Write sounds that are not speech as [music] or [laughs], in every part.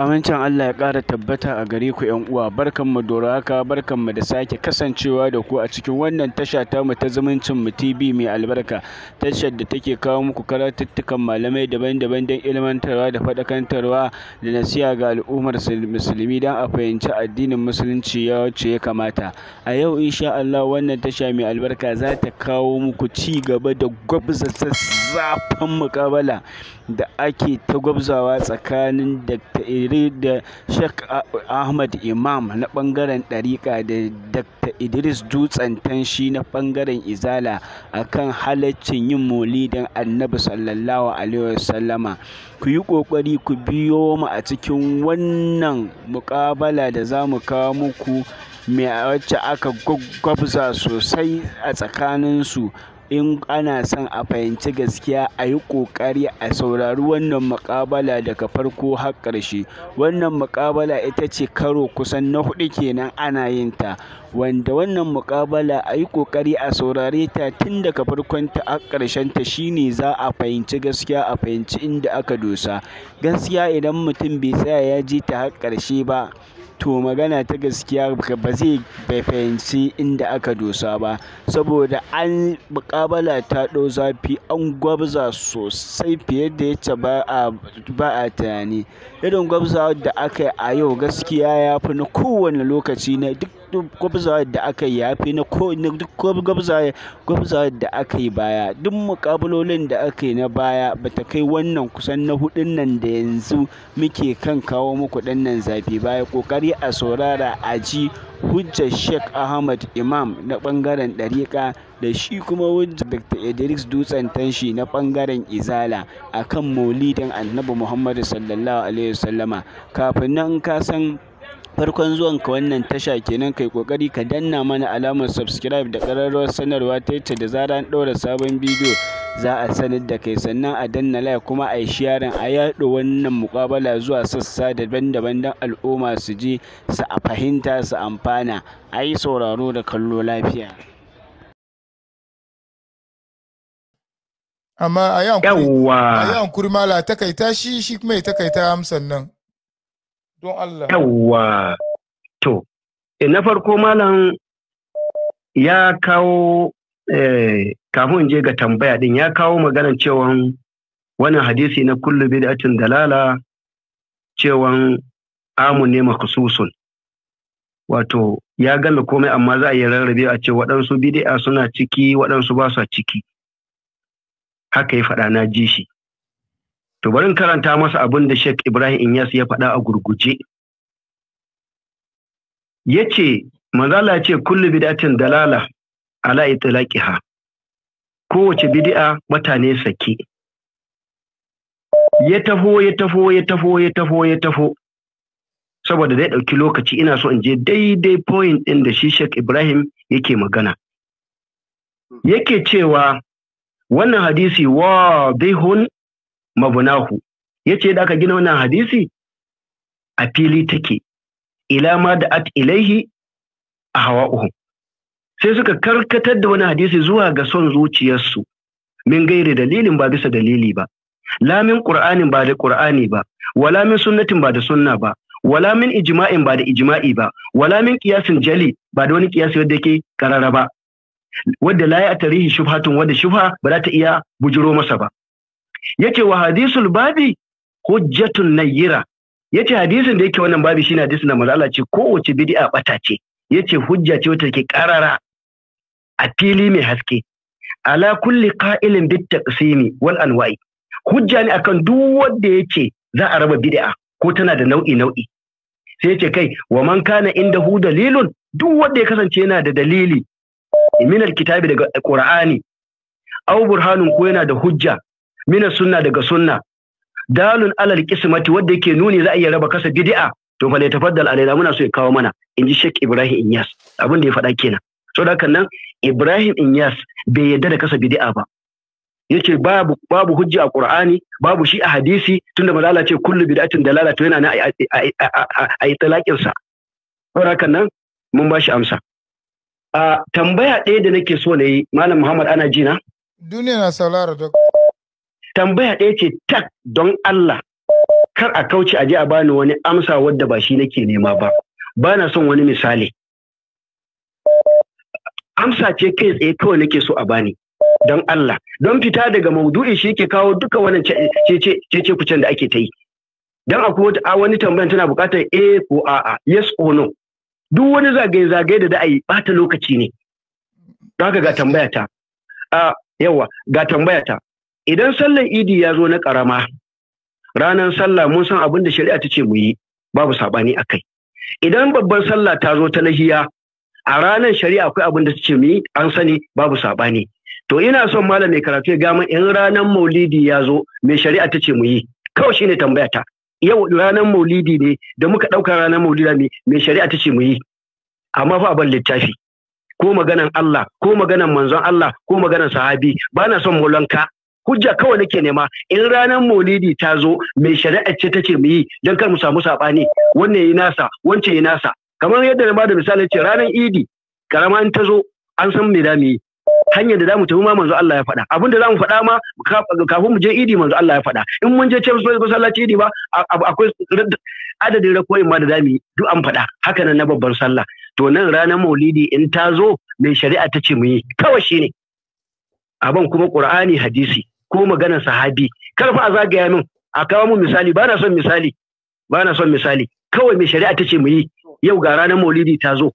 Amincin Allah ya ƙara tabbata a gare ku ‘yan uwa, barkanmu da haka, barkanmu da sake kasancewa da ku a cikin wannan tasha ta mu ta zumuncin mu TV mai albarka, tashar da take kawo muku karatuttukan malamai daban-daban don ilmantarwa da faɗakantarwa da nasiha ga al'ummar musulmi don a fahimci addinin musulunci ya wacce ya kamata. A yau insha Allah wannan tasha mai albarka za ta kawo muku ci gaba da gwabza zafin muƙabala da ake ta gwabzawa tsakanin Dr. da Sheikh Ahmad Imam na bangaren ɗariƙa da Dr. Idris Dutsen Tanshi na bangaren Izala akan halaccin yin don Annabi sallallahu alaihi wasallama. Ku yi ƙoƙari ku biyo mu a cikin wannan muƙabala da za mu kawo muku mai wacce aka gwabza sosai a tsakaninsu in ana son a fahimci gaskiya a yi ƙoƙari a saurari wannan muƙabala daga farko har ƙarshe wannan muƙabala ita ce karo kusan na huɗu kenan ana yin ta wanda wannan muƙabala a yi ƙoƙari a saurare ta tun daga farko har ta shine za a fahimci gaskiya a fahimci inda aka dosa gaskiya idan mutum bai tsaya ya ji ta har ƙarshe ba to magana ta gaskiya ba zai fahimci inda aka dosa ba saboda an mukabala ta ɗau zafi an gwabza sosai fiye da yace ba a tunani irin gwabza da aka yi a yau gaskiya ya fi na kowane lokaci na duk duk gwabzawar da aka yi ya fi na da aka yi baya duk mukabalolin da aka yi na baya ba ta kai wannan kusan na hudun nan da yanzu muke kan kawo muku dan nan zafi baya kokari a saurara a ji hujjar sheikh ahmad imam na bangaren dariƙa da shi kuma wajen dr idris dutsen tanshi na bangaren izala a kan maulidin annabi muhammadu sallallahu alaihi wasallama kafin nan ka san farkon zuwan ka wannan tasha kenan kai kokari ka danna mana alamar subscribe da ƙararrawar sanarwa ta yadda da zara an daura sabon bidiyo za a sanar da kai sannan a danna like kuma a yi sharing a yaɗo wannan muƙabala zuwa sassa daban-daban don al'umma su je su a fahimta su amfana a yi sauraro da kallo lafiya. amma a yi hankuri mala takaita shi shi kuma ya takaita amsan nan Don Allah. Yawwa. To, eh, na farko malam ya kawo eh, kafin je ga tambaya din ya kawo maganan cewan wannan hadisi na kullu bid'atin dalala cewan Amune ne makhsusun wato ya gama komai amma za a yi rarrabe a ce waɗansu bid'a suna ciki waɗansu ba su ciki haka ya faɗa na ji shi To bari in karanta masa abin da Sheikh Ibrahim Inyas ya faɗa a gurguje. Ya ce, manzala ce kullu bid'atin dalala ala ha. Kowace bidi'a mutane sake. Ya taho, ya taho, ya taho, ya taho, ya taho. Saboda zai ɗauki lokaci ina so in je daidai point ɗin da shi Sheikh Ibrahim yake magana. Yake cewa wannan hadisi wa bihun mabunahu yace da aka gina wannan hadisi a fili take ila ma da at ilaihi a hawa'uhum sai suka karkatar da wani hadisi zuwa ga son zuciyarsu min gairi dalilin ba bisa dalili ba Lamin qur'anin ba da qur'ani ba wala min sunnatin ba da sunna ba wala min ijma'in ba da ijma'i ba wala min qiyasin jali ba da wani qiyasi wanda yake karara ba wadda la ya tarihi shubhatun wadda shubha ba za ta iya bujiro masa ba yace wa hadisul babi hujjatun nayyira yace hadisin da yake wannan babi shine hadisin da manzo ce kowace bid'a bata ce yace hujja ce wata ke karara a fili mai haske ala kulli qa'ilin bit taqsimi wal anwa'i hujja ne akan duk wanda yace za a raba bid'a ko tana da nau'i nau'i sai yace kai wa man kana indahu dalilun duk wanda ya kasance yana da dalili min alkitabi daga qur'ani aw burhanun ko yana da hujja mina sunna daga sunna dalun alal kismati wanda yake nuni za a iya raba kasa bid'a to fa tafaddal alaina muna so ya kawo mana inji Sheikh Ibrahim Inyas abin da ya faɗa kenan so da nan Ibrahim Inyas bai yarda da kasa bid'a ba yace babu babu hujja a Qur'ani babu shi a hadisi tunda manzo ce kullu bid'atin dalala to yana na a talakin sa saboda nan mun ba shi amsa a tambaya ɗaya da nake so na yi malam Muhammad ana jina duniya na saurara doctor tambaya ɗaya ce tak don Allah kar a kauce a je a bani wani amsa wadda ba shi nake nema ba ba na son wani misali amsa ce kai tsaye kawai nake so a bani don Allah don fita daga maudu'i shi ke kawo duka wannan cece kucen da ake ta yi don akwai wani tambayan tana buƙatar a ko a'a yes or no duk wani zagaye-zagaye da za a yi bata lokaci ne don haka ga tambaya ta yawa ga tambaya idan sallar idi ya zo na ƙarama ranan sallah mun san abin da shari'a ta ce mu yi babu saɓani a kai idan babban sallah ta zo ta lahiya a ranar shari'a akwai abin da ta ce mu yi an sani babu saɓani to ina son malam mai karatu ya gama in ranar maulidi ya zo mai shari'a ta ce mu yi kawai shine tambaya ta yau ranar maulidi ne da muka ɗauka ranar maulidi mai shari'a ta ce mu yi amma fa ban littafi ko maganan Allah ko maganan manzon Allah ko maganan sahabi ba na son mulanka. hujja kawai nake nema in ranar maulidi ta zo mai shari'a ce ta mu yi don kar mu samu saɓani wannan yi nasa wancan yi nasa kamar yadda na bada misali ce ranar idi karama in ta zo an san me da mu yi hanyar da zamu tafi ma manzo Allah ya faɗa abinda zamu faɗa ma kafin mu je idi manzo Allah ya faɗa in mun je ce masallaci idi ba akwai adadin rakoyin ma da zamu yi duk an faɗa haka nan na babban sallah to nan ranar maulidi in ta zo mai shari'a ta ce mu yi kawai shine abin kuma qur'ani hadisi ko maganar sahabi kar fa a zagaya min a kawo mu misali ba na son misali ba na son misali kawai mai shari'a ta ce mu yi yau ga ranar maulidi ta zo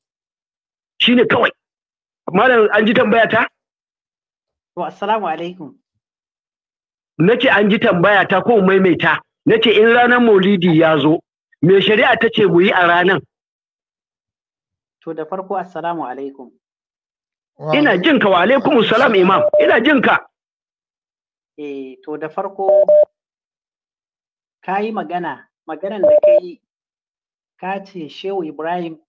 shine kawai malam an ji tambaya ta wa assalamu alaikum nace an ji tambaya ta ko maimaita nace in ranar maulidi ya zo mai shari'a ta ce mu yi a ranar to da farko assalamu alaikum ina jinka wa alaikum salam imam ina jinka. Eh, to da farko ka yi magana, maganan da ka yi ka ce Shehu Ibrahim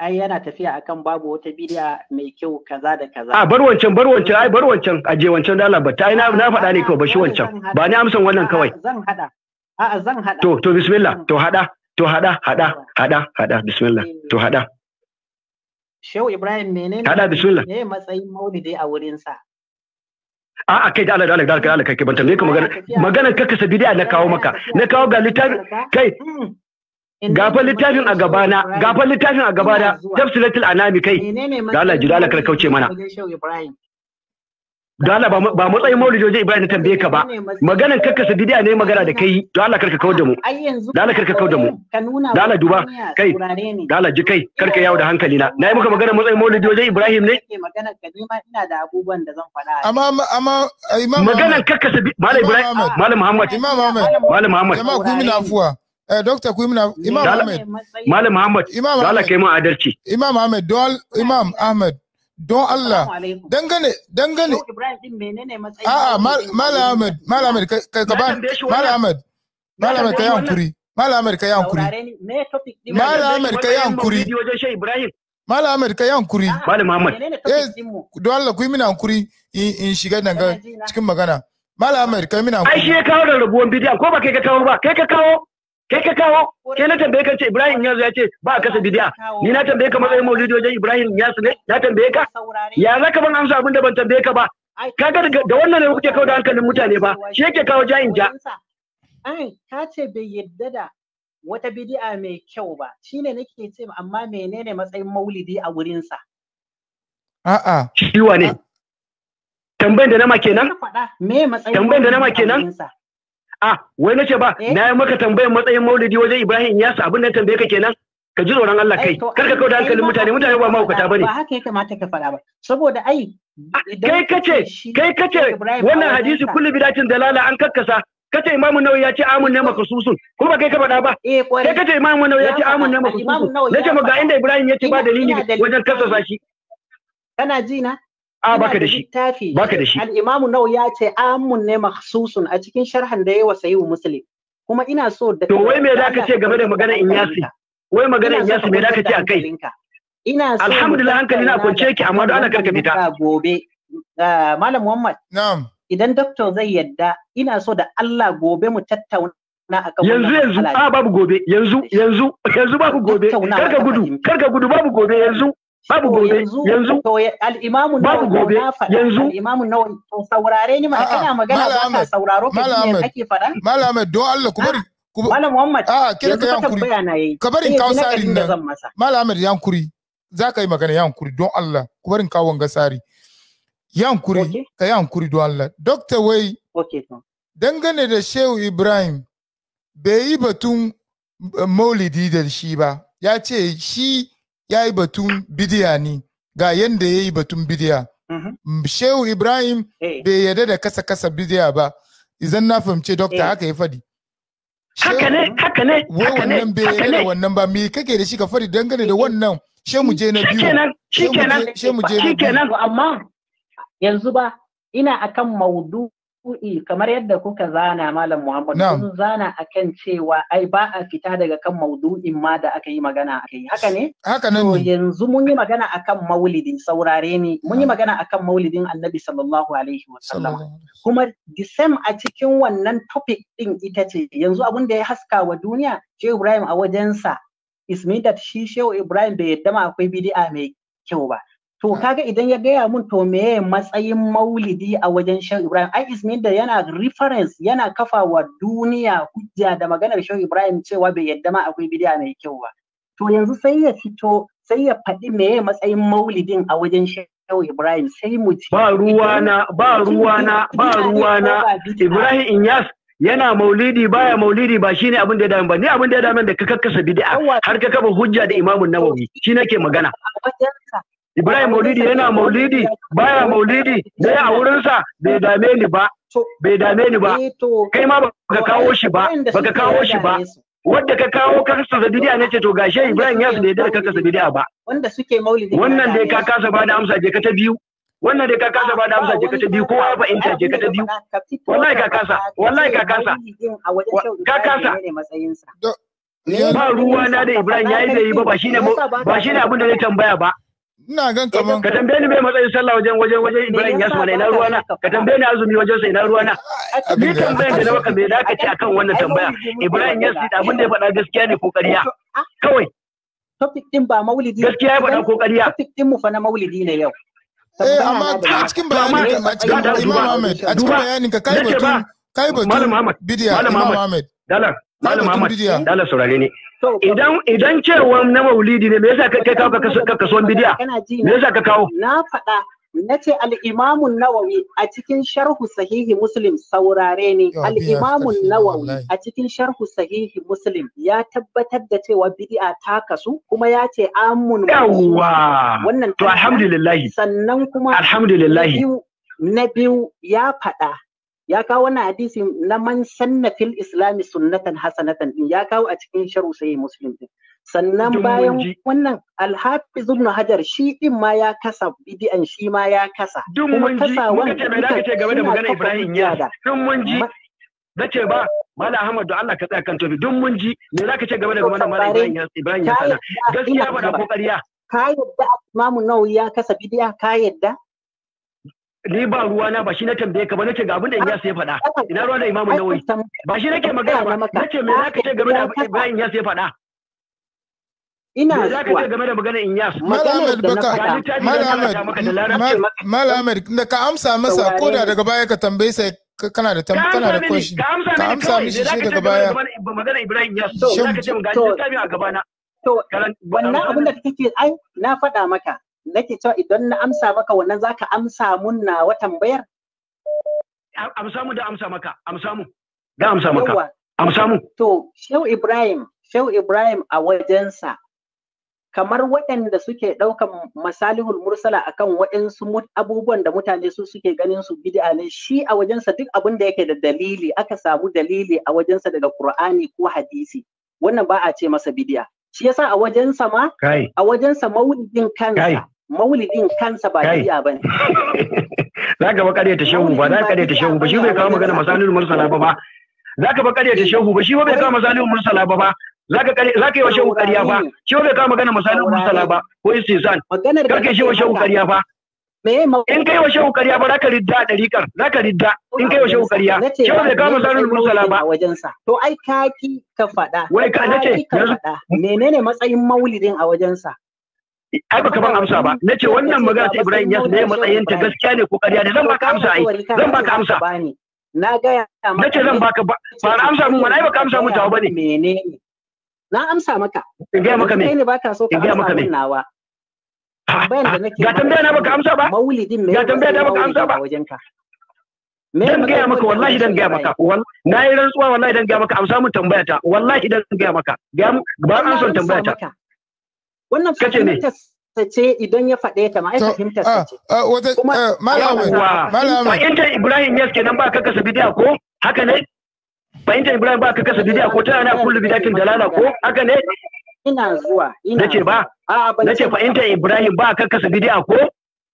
ai yana tafiya akan babu wata bidiya mai kyau kaza da kaza. A bar wancan bar wancan ai bar wancan aje wancan da labarta ai na faɗa ne kawai ba shi wancan ba ni amsan wannan kawai. Zan hada. A'a zan hada. To to bismillah to hada to hada hada hada hada bismillah eh. to hada. Shehu Ibrahim menene? Hada bismillah. Me matsayin maulidi a wurin sa? a a kai da Allah da Allah da Allah kai bantar ne ka magana magana kasa bidiya na kawo maka na kawo ga littafin kai mm. gafa littafin a gabana gafa littafin a gabana tafsilatul anami kai da Allah ji da Allah kar kauce mana Dala ba matsayin Jojo Ibrahim na tambaye ka ba. Maganan karkasa bidiya ne magana da kai. Dala karka kawar da mu. Dala karka kawar da mu. Dala duba kai. Dala ji kai karka yawo da hankali na. Na yi muka magana matsayin Jojo Ibrahim ne. Amma amma eh, Imam Maganan karkasa Malam Ibrahim Malam Muhammad. Imam Muhammad. Malam Muhammad. Jama'a ku yi afuwa. Eh, Dokta ku yi Imam Ahmed. Malam Muhammad. Dala kai mu adalci. Imam Ahmed. Dol Imam Ahmed. don Allah dangane dangane a'a malam Ahmed kai ka ba malam Ahmed kai hankuri ka yankuri hankuri Ahmed ka yankuri malam kai ka yankuri malam Ahmed ka yankuri don Allah ku yi mini hankuri in shiga nan cikin magana malam kai ka mini hankuri ai shi ya kawo da rabuwan bidiyon ko ba kai ka kawo ba kai ka kawo kai ka kawo kai na tambaye ka ce Ibrahim yanzu ya ce ba a sa bidiya ni na tambaye ka matsayin maulidi wajen Ibrahim ya ne ya tambaye ka ya za ka ban amsa abin da ban tambaye ka ba kaga da wannan ne kuke kawo da hankalin mutane ba shi yake kawo jayin ja ai ka ce bai yadda da wata bidi'a mai kyau ba shine nake ce amma menene matsayin maulidi a wurinsa a'a shi wane Tambayin da nama kenan tambayan da nama kenan a wai nace ba eh? na yi maka tambayar matsayin maulidi wajen Ibrahim Iyasu abin da tambaye ka kenan ka ji tsoron Allah kai eh, kar ka kawo da hankalin mutane mutane ba mahaukata bane ba haka ya kamata ka faɗa ba saboda ai kai kace kai kace wannan hadisi kullu bidatin dalala an kakkasa kace imamu nawa ya ce amun ne maka susun? Kuma ba kai ka faɗa ba eh, kai kace imamu nawa ya ce amun ne maka susun, nace ma ga inda Ibrahim ya ce ba dalili wajen kakkasa shi kana ji na a baka da shi baka da shi al-imam nau ya ce amun ne makhsusun a cikin sharhan da yayi wa sahihu muslim kuma ina so da to wai me da ka ce game da maganar inyasi wai maganar inyasi me da ka ce akai ina so alhamdulillah hankali na kwance ki amma don Allah karka fita gobe ah, malam muhammad na'am idan doctor zai yadda ina so da Allah gobe mu tattauna yanzu yanzu a ah, babu gobe yanzu yanzu yanzu [laughs] babu gobe karka gudu karka gudu babu gobe yanzu babu gobe yanzu al'imamu babu gobe yanzu al'imamu nawa to saurare ni mana kana magana ba ka sauraro ka ne kake faɗa malama don Allah ku bari malam Muhammad a kira ka yankuri ka bari eh, kawo sari nan malama yankuri za ka yi magana yankuri don Allah ku bari kawo wanga sari yankuri ka yankuri don Allah doctor wai dangane da Shehu Ibrahim bai yi batun eh, maulidi da shi ba ya ce shi ya yi batun bidiya ne ga yadda ya yi batun bidiya mhm. mm, shehu ibrahim eh. bai yarda da kasa kasa bidiya ba izan na fahimce dokta eh. haka ya fadi haka ne haka ne ne, wannan bai yarda da wannan ba me kake da shi ka fadi dangane da eh, wannan she mu je na biyu kenan, shi kenan, amma yanzu ba ina akan maudu kuɗi kamar yadda kuka zana malam Muhammad kun zana akan cewa ai ba a fita daga kan maudu'in ma da aka yi magana akai haka ne haka ne yanzu mun yi magana akan maulidi saurare ni mun yi magana akan maulidin Annabi sallallahu alaihi sallam kuma the same a cikin wannan topic din ita ce yanzu abun da ya haska wa duniya Shehu Ibrahim a wajensa is mean that shi Shehu Ibrahim bai yadda ma akwai bid'a mai kyau ba To kaga idan ya gaya mun to meye matsayin maulidi a wajen Shehu Ibrahim ai ismin da yana reference yana kafa wa duniya hujja da maganar Shehu Ibrahim cewa bai yadda ma akwai bidiya mai kyau ba. To yanzu sai ya fito sai ya faɗi meye matsayin maulidin a wajen Shehu Ibrahim sai mu ci. Ba ruwana ba ruwana ba ruwana Ibrahim Inyas yana maulidi baya maulidi ba shine abin da ya dame ba ni abin da ya dame da ka kakkasa bid'a har ka kafa hujja da Imamun Nawawi shi nake magana Ibrahim Maulidi yana Maulidi baya Maulidi ne a wurinsa bai dame ni ba bai dame ni ba eh, kai ma baka kawo shi ba baka kawo shi ba wanda ka kawo karsa zabidiya ne ce to gashe Ibrahim ya bai da karsa bidiya ba wanda suke Maulidi wannan dai ka kasa ba da amsa je ka ta biyu wannan dai ka kasa ba da amsa je ka ta biyu kowa ya fahimta je ka ta biyu wallahi ka kasa wallahi ka kasa ka kasa ba ruwa na da Ibrahim yayi da yi ba ba shine ba shine abin da ya tambaya ba Ina gan eh, kaman. Ka tambaye ni bai matsayin sallah wajen wajen wajen Ibrahim Yasma na ruwa na. Ka tambaye ni azumi wajen sa ina ruwa na. Ni da na maka me za ka akan wannan tambaya. Ibrahim ya da abin da ya faɗa gaskiya ne ko ƙarya. Kawai. Topic din ba maulidi. Gaskiya ya faɗa ko ƙarya. Topic din mu fa na maulidi ne yau. Eh amma a cikin bayanin ka a cikin Imam Ahmed a cikin bayanin ka kai batun kai batun bidiya Imam Ahmed. Dalar Malam Muhammad, dala saurare ne. Idan idan cewa na maulidi ne me yasa ka kawo ka kaso bidiya? Me yasa ka kawo? Na faɗa nace ce al'imamun nawawi a cikin sharhu sahihi muslim saurare ne al'imamun nawawi a cikin sharhu sahihi muslim ya tabbatar da cewa bid'a ta kasu kuma ya ce amun yawa wannan to alhamdulillah sannan kuma alhamdulillah na biyu ya faɗa ya kawo wannan hadisi na man sanna fil islami sunnatan hasanatan din ya kawo a cikin sharu sai muslim din sannan bayan wannan alhafiz ibn hajar shi din ma ya kasa bid'an shi ma ya kasa kuma kasa wannan ce me zaka ce game da magana ibrahim ya dun mun ji nace ba mala ahmad da Allah ka tsaya kan dun mun ji me game da magana mala ibrahim ya ibrahim ya sana gaskiya ba da kokariya ka yadda imamu nawawi ya kasa bid'a ka yadda ni ba ruwa na ba shi na tambaye ka ba nake ga abin da Inyas ya faɗa ina ruwa da Imamu Nawawi ba shi nake magana ba nake me zaka ce game da Ibrahim ya ya faɗa ina me zaka ce game da magana Inyas Malam baka Malam Malam da ka amsa masa koda daga baya ka tambaye sai kana da tam kana da koshi ka amsa mishi shi daga baya magana Ibrahim Inyas to zaka ce ta mi a gaba na to wannan abin da kake ai na faɗa maka nake cewa idan na amsa maka wannan zaka amsa mun na wa tambayar amsa mu da amsa maka amsa mu da amsa maka amsa mu to Shehu Ibrahim Shehu Ibrahim a wajensa kamar waɗanda suke ɗaukan masalihul mursala akan waɗansu abubuwan da mutane su suke ganin su bid'a ne shi a wajensa duk abin da yake da dalili aka samu dalili a wajensa daga Qur'ani ko hadisi wannan ba a ce masa bid'a shi yasa a wajensa ma a wajensa maudin kansa maulidin kansa ba [laughs] ba ne. Za ba kare ta shehu ba za ka ta shehu ba shi bai kawo magana masalul mursala ba ba Za ba kare ta shehu ba shi bai kawo masalul mursala ba ba za ka yi wa shehu kariya ba shi bai kawo magana masalul mursala ba ko Kar kake shi wa shehu kariya ba in kai wa shehu kariya ba za ka ridda a ɗarikar. Za ka ridda in kai wa shehu kariya shehu bai kawo masalul mursala ba to ai kaki ka faɗa wai ka nace menene matsayin maulidin a wajensa ai baka ban amsa ba nace wannan magana ta Ibrahim ya ne matsayin ta gaskiya ne ko ƙarya ne zan baka amsa ai zan baka amsa na ga nace zan baka ba na amsa mun wani baka amsa mun tawo bane menene na amsa maka in ga maka me in ga maka me nawa ga tambaya na baka amsa ba ga tambaya na baka amsa ba dan gaya maka wallahi dan gaya maka na yi rantsuwa wallahi dan gaya maka amsa mun tambaya ta wallahi dan gaya maka ba an son tambaya ta wannan fahimtar ce idan ya faɗe ta ma ai fahimtar ah, ce ah, kuma eh, malama fahimtar Ibrahim yes kenan ba ka kasa bidiya ko haka ne fahimtar Ibrahim ba ka kasa bidiya ko tana na kullu bidatin dalala ko haka ne ina zuwa ina nace ba nace fahimtar Ibrahim ba ka kasa bidiya ko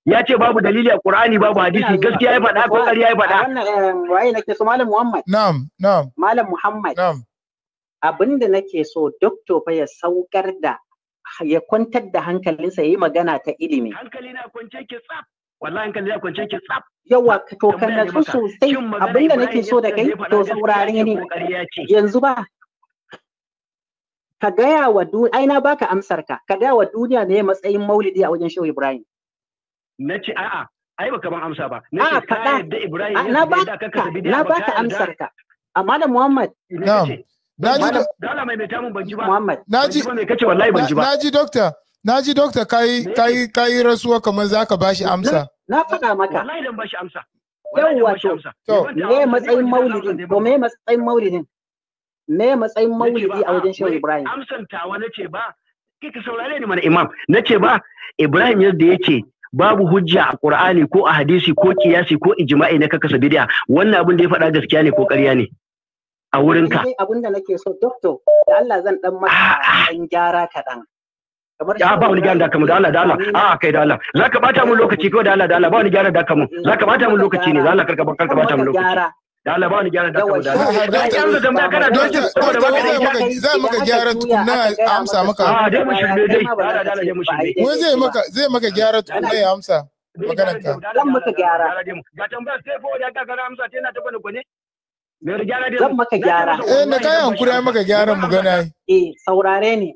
ya ce babu dalili a Qur'ani babu hadisi gaskiya ya faɗa ko ƙarya ya faɗa wannan eh, waye nake so malam Muhammad na'am na'am malam Muhammad na'am abinda nake so doctor fa ya saukar da ya kwantar da hankalinsa ya yi magana ta ilimi. Hankali na kwance ke tsaf. Wallahi hankali na kwance ke tsaf. Yawa to kan sosai abinda nake so da kai to saurare ne. Yanzu ba ka gaya wa duniya ai na baka amsar ka ka gaya wa duniya ne matsayin maulidi a wajen Shehu Ibrahim. Na ce a'a ai baka ban amsa ba. Na ce ka yadda Ibrahim ya da ka ka baka amsar ka. Amma da Muhammad. Naji dala mai Naji mai kace rasuwa kamar zaka bashi amsa. Na faɗa maka. Wallahi dan bashi amsa. Me matsayin maulidin? me matsayin maulidi a wajen Shehu Ibrahim? Amsan tawa ba. ni mana imam. Nace ba Ibrahim yadda yake babu hujja a Qur'ani ko a hadisi ko kiyasi ko ijma'i na kakasa bid'a wannan abin da ya faɗa gaskiya ne ko ƙarya ne a wurinka. abin da nake so doktor, da Allah zan dan maka ah, ah. dan gyara kaɗan. ya ba wani gyara da kamu da Allah da Allah a ah, kai da Allah za ka bata mun lokaci ko da Allah da Allah ba wani gyara da kamu za ka bata mun lokaci ne da Allah karka karka bata mun lokaci da Allah ba wani gyara da kamu da Allah da ki amsa tambaya kana da saboda baka da gyara zai maka gyara tukuna amsa maka a dai mu shirme dai Wai zai maka zai maka gyara tukunna ya amsa maganar ka zan maka gyara ga tambaya sai ko da ka gara amsa tana ta gwane gwane Zan maka gyara. Eh, da kayi hankuri ai maka gyaran mu gani ai. Eh, saurare ne.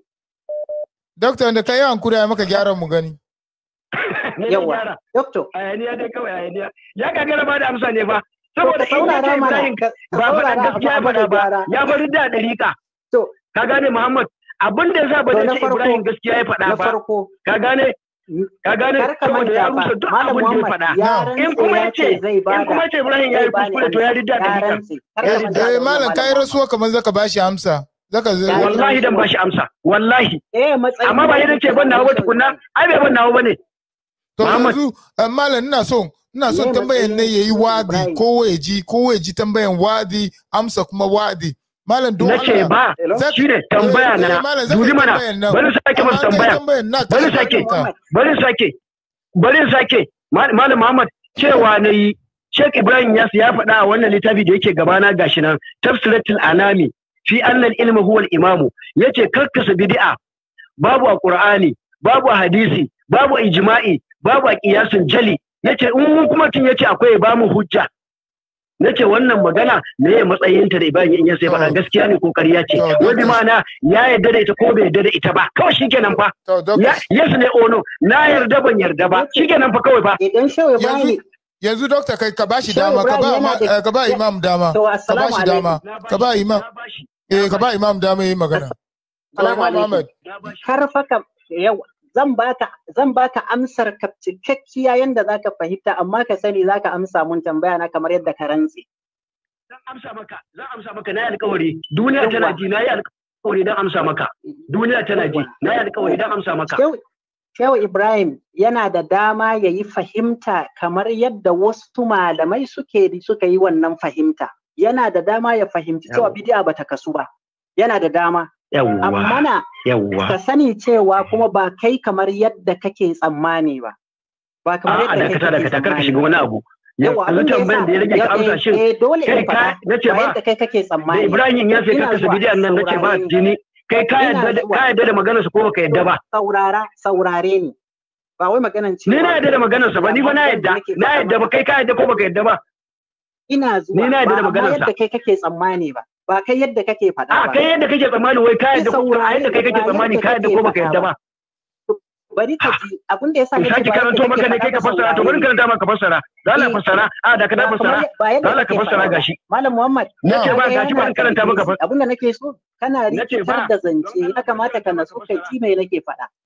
Dokta, da kayi hankuri ai maka gyaran mu gani. Yawa. Dokta. Ayaniya dai kawai ayaniya. Ya gagara ba da amsa ne fa. Saboda in ya ce Ibrahim ba faɗa gaskiya faɗa ba, ya bari da ɗarika. Ka gane Muhammad, abin da za ba da ce Ibrahim gaskiya ya faɗa ba. Ka gane ka gane saboda ya rusa duk abin da ya faɗa in kuma yace in kuma yace Ibrahim ya yi kuskure to ya ridda da dika eh, eh malam kai rasuwa kamar zaka bashi amsa zaka wallahi dan bashi amsa wallahi eh, amma ba irin ce ban nawo tukunna ai bai ban nawo bane to yanzu eh, malam ina so ina son tambayan ne yayi wadi ko ya ji ko ya ji tambayan wadi amsa kuma wadi Malam don Nace ba, shi ne tambaya eh, na, eh, duri mana, bari sake masa tambaya, bari sake, bari sake, bari sake, Malam Muhammad cewa na yi, Sheikh Ibrahim Yas ya faɗa a wannan littafi da yake gabana gashi nan, tafsiratul anami, fi annal ilmi huwal imamu, yace karkasa bid'a, babu a Qur'ani, babu a hadisi, babu a ijma'i, babu a qiyasin jali, yace in mun kuma tun yace akwai ba mu hujja, nace wannan magana me ya matsayin ta da ibayin yin ya sai faɗa gaskiya ne ko ƙarya ce Wani ma'ana mana ya yarda da ita ko bai yarda da ita ba kawai kenan fa yes ne ono na yarda ban yarda ba kenan fa kawai fa yanzu dokta kai ka bashi dama ka ba eh, ka imam dama ka bashi dama ka ba imam eh ka ba imam dama yayin magana Salamu alaikum. Har faka yau zan baka zan baka amsar ka cikakkiya yanda zaka fahimta amma ka sani zaka amsa mun tambaya na kamar yadda ka rantse zan amsa maka zan amsa maka na alƙawari duniya tana ji na yi alƙawari dan amsa maka duniya tana ji na yi dan amsa maka Shehu Ibrahim yana da dama ya yi fahimta kamar yadda wasu malamai suke suka yi wannan fahimta. Yana da dama ya fahimci cewa bidi'a bata kasu ba. Yana da dama. yawwa ka sani cewa kuma ba kai kamar yadda kake tsammani ba ba kamar yadda kake tsammani ba ka shiga wani abu yawa abin da da ya ka amsa shin eh, eh, dole ba yadda kake tsammani Ibrahim ya sai ka bidiyon nan ce ba jini kai ka yadda da maganar ko ba saurara saurare ba ni na yadda da maganar ba ni na yadda na yadda ba kai ka yadda ko ka yadda ba ina zuwa ba yadda kai kake tsammani ba ba kai yadda kake faɗa ba kai yadda kake tsammani wai ka yadda ko a yadda kai kake tsammani ka yadda ko baka yadda ba bari ka ji abin da yasa kake Ka karanto maka ne kai ka fassara to bari karanta maka fassara dala eh, fassara a da ka da fassara dala ka fassara gashi malam muhammad nace ba gashi bari karanta maka fassara. abin da nake so kana rikitar da zance ya kamata ka nasu kai ji me nake faɗa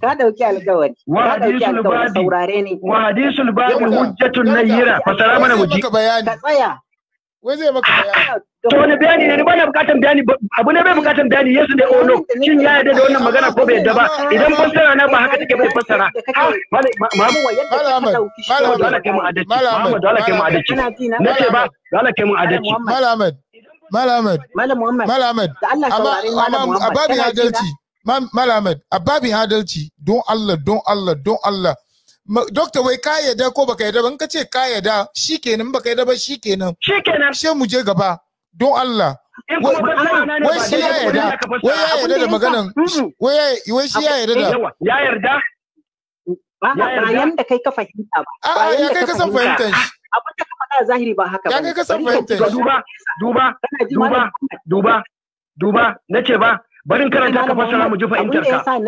ka dauki alkawari wa hadisul babi saurare ne wa hadisul babi hujjatun nayyira fasara mana muji ka tsaya wai zai maka bayani to wani bayani ne ni bana bukatan bayani abu ne bai bukatan bayani yesu ne ono shin ya yarda da wannan magana ko bai yarda ba idan fassara na ba haka take bai fassara ah, mamu wa yadda ka dauki shi dole kai mu adalci mamu dole kai mu adalci ce ba dole kai mu adalci malamad malamad malam malamad da Allah saurare malam muhammad adalci Malamad, a babin adalci don Allah, don Allah, don Allah. Dokta wai ka yada ko baka yada ba, ka ce ka yada shi kenan baka yada ba shi kenan. Shi mu je gaba, don Allah. Wai shi ya yada, wai ya yada da maganan, wai shi eh, ya yada da. Ya yarda. Ba yanda kai ka fahimta ba. A'a ya kai ka san fahimtar shi. Abin da ka faɗa zahiri ba haka ba. Ya kai ka san shi. Duba, duba, duba, duba, duba, na ce ba, barin karanta ka fassara mu ji fahimtar ka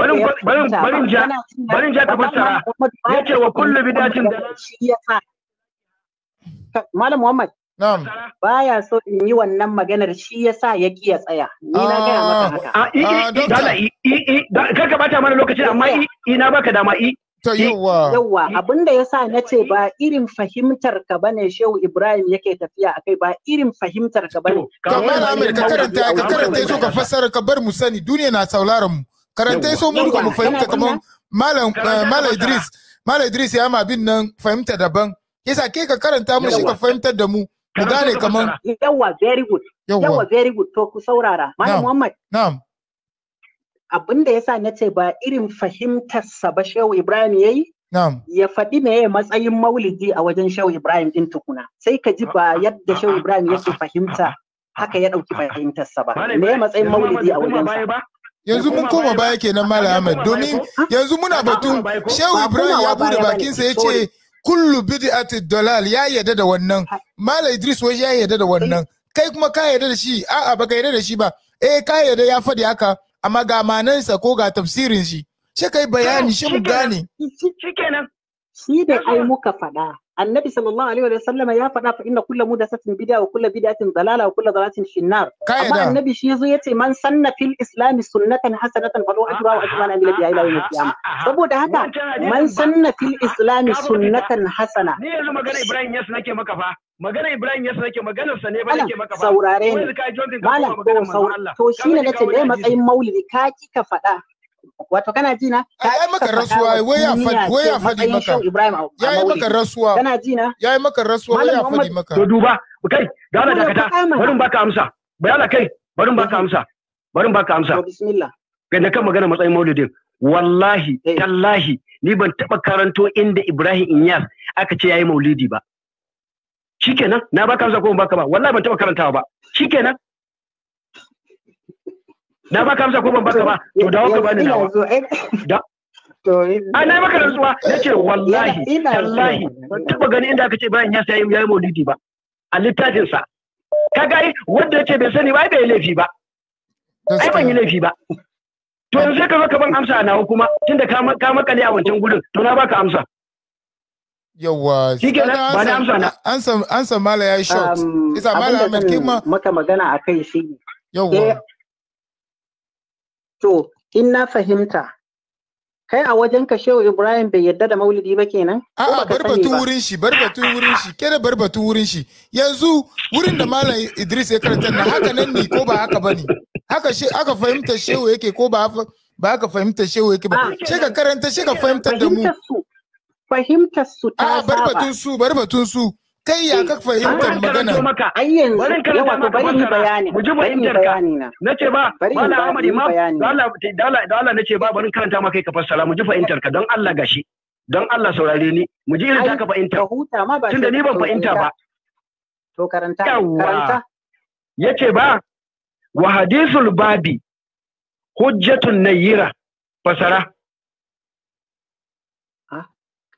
barin barin barin ja barin ja ka fassara yace wa kullu bidatin shi malam muhammad Na'am. Baya so in yi wannan maganar shi yasa ya ki ya tsaya. Ni na gaya maka ah, haka. Ah, i kar ka bata mana lokacin amma i na baka dama i ta yawa yawa abinda sa na ce ba irin fahimtar ka bane shehu ibrahim yake tafiya a kai ba irin fahimtar ka bane ka Amir ka karanta ka karanta so ka fassara ka bar mu sani duniya na sauraron mu karanta so mu mu fahimta kaman malam eh, malam idris malam idris ya ma bin nan fahimta daban yasa ke ka karanta mu shi ka fahimtar da mu mu gane kamar. yawa very good yawa very good to ku saurara malam muhammad na'am abin da yasa na ce ba irin fahimtarsa ba shehu ibrahim ya yi ya faɗi me matsayin maulidi a wajen shehu ibrahim din tukuna sai ka ji ba yadda shehu ibrahim yake fahimta haka ya ɗauki fahimtarsa ba me matsayin maulidi a wajen sa. yanzu mun koma baya kenan malam ahmed domin yanzu muna batun shehu ibrahim ya bude bakinsa ya ce kullu bid'ati dalal ya yadda da wannan malam idris wai ya yadda da wannan eh. kai kuma ka yadda da shi a'a ba ka yadda da shi ba eh ka yadda ya faɗi haka amma ga manansa ko ga tafsirin shi shi kai bayani shi mu gane shi da ai muka faɗa annabi sallallahu alaihi wa sallama ya faɗa fa inna kullu mudasatin bid'a wa kullu bid'atin dalala wa kullu dalalatin shinnar amma annabi shi yazo yace man sanna fil islam sunnatan hasanatan falahu ajra wa ajran an billahi ila yawmil qiyamah saboda haka man sanna fil islam sunnatan hasana ne yanzu magana ibrahim yas nake maka fa magana Ibrahim ya sake maganar sa ne ba nake maka ba saurare ne malam ko saurare to shine nace dai matsayin maulidi ka ki ka faɗa wato kana ji na ai maka rasuwa wai ya fadi wai ya faɗi maka Ibrahim ya yi maka rasuwa kana ji na ya yi maka rasuwa wai ya maka to duba kai ga wannan dakata bari in baka amsa bayana kai bari in baka amsa bari in baka amsa bismillah ga da kan magana matsayin maulidi. wallahi eh. tallahi ni ban taba karanto inda Ibrahim Inyas aka ce yayi maulidi ba shikenan na baka amsa ko ban baka ba wallahi ban taba karantawa ba shikenan na baka amsa ko ban baka ba to dawo ka bani nawa eh, to a ah, na maka rantsuwa nace wallahi wallahi ban taba gani inda aka ce bayan ya sai yayi maulidi ba a littafin sa kaga ai wanda yace bai sani ba ai bai laifi ba ai ban yi laifi ba to yanzu ka zo ka ban amsa nawa kuma tunda ka makale a wancan gurin to na baka amsa yawa An san mala ya yi short. Isa mala Ahmed Kima. Maka magana a kai shi. yawa eh, To, in na fahimta, kai a wajen ka shehu ibrahim bai yarda da maulidi ba kenan a'a bar batun wurin shi bar batun wurin shi kere bar batun wurin shi yanzu wurin da malam idris ya karanta na haka nan ne ko ba haka ba ne haka she aka fahimta shehu yake ko ba ba haka fahimta shehu yake ba ah, she ka karanta she ka fahimta da mu fahimtar su ta saba. Bar batun su, bar batun su. Kai ya ka fahimtar magana? maka. Ai yanzu, yawa to bari ni bayani. Mu ji fahimtar ka. Na ce ba, Malam Ahmad Imam, dala na ce ba barin karanta maka ka fassara mu ji fahimtar ka don Allah gashi. Don Allah saurare ni, mu ji irin ta ka fahimta. Tunda ni ban fahimta ba. To karanta, karanta. Ya ce ba, wa hadisul babi hujjatun nayyira fasara.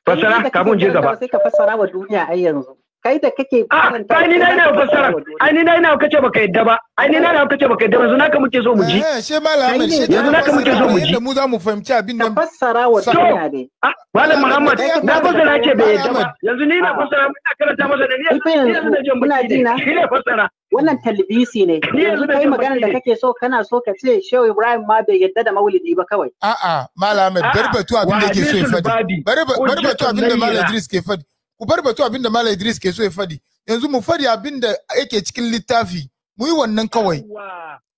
fassara kafin je gaba sai ka fassara wa duniya ai yanzu kai da kake ah, karanta ai ni na ina fassara ai ni na ina kace baka yadda ba ai ni na ina kace baka yadda ba yanzu naka muke so mu ji eh, she malam she yanzu naka muke so mu ji yadda mu za mu fahimci abin nan fassara wa duniya ne ah, malam muhammad na fassara ce bai yadda ba yanzu ni na fassara ina karanta masa da ni yanzu ni yanzu da jan baki ne shi ne fassara wannan talbisi ne yanzu kai magana da kake so kana so ka ce shehu ibrahim ma bai yadda da maulidi ba kawai a'a malam ahmed barbatu abin da ke so ya fadi barbatu abin da malam idris ke fadi ku bar batu abin da Malam Idris ke so ya fadi yanzu mu fadi abin da yake cikin littafi mu yi wannan kawai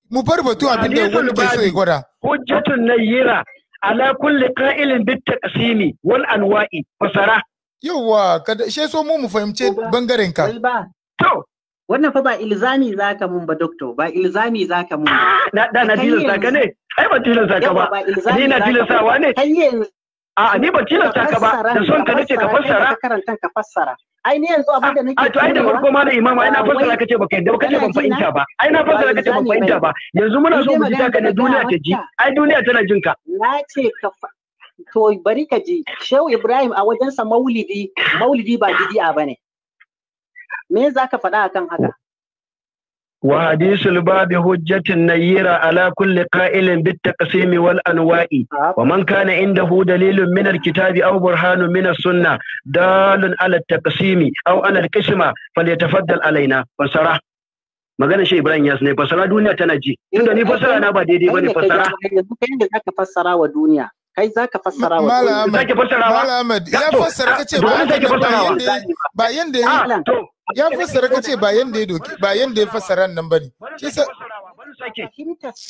mu bar batu abin da wani ke so ya gwada hujjatun nayyira ala kulli qa'ilin bit taqsimi wal anwa'i fasara yawa kada she so mu mu fahimce bangaren ka to wannan fa ba ilzami zaka mun ba doctor ba ilzami zaka mun ah, na da na dilin zaka ne ai ba dilin zaka ba ni na dilin sawa ne A'a ni ban tilasta ka ba da son ka nace ka fassara. Ka karanta ka fassara. Ai ni yanzu abin da nake A to ai da farko ma da imama na fassara kace baka yadda kace ban fahimta ba. Ai na fassara kace ban fahimta ba. Yanzu muna so mu ji ka na duniya ta ji. Ai duniya tana jin ka. Na ce ka to bari ka ji. Shehu Ibrahim a wajensa maulidi maulidi ba bid'a bane. Me za ka faɗa akan haka? وحديث الباب حجة نيرة على كل قائل بالتقسيم والأنواع ومن كان عنده دليل من الكتاب أو برهان من السنة دال على التقسيم أو على القسمة فليتفضل علينا Fasara. maganar shi Ibrahim Yas ne fasara duniya tana ji inda ni fasara na ba daidai bane fasara kai da zaka fassara wa duniya kai za ka fassara wa Malam Ahmad ya fassara kace ba ba yanda ba yanda ah, ya fassara ka ce ba yanda ya doki ba yanda ya fassara nan bane kisa bari sake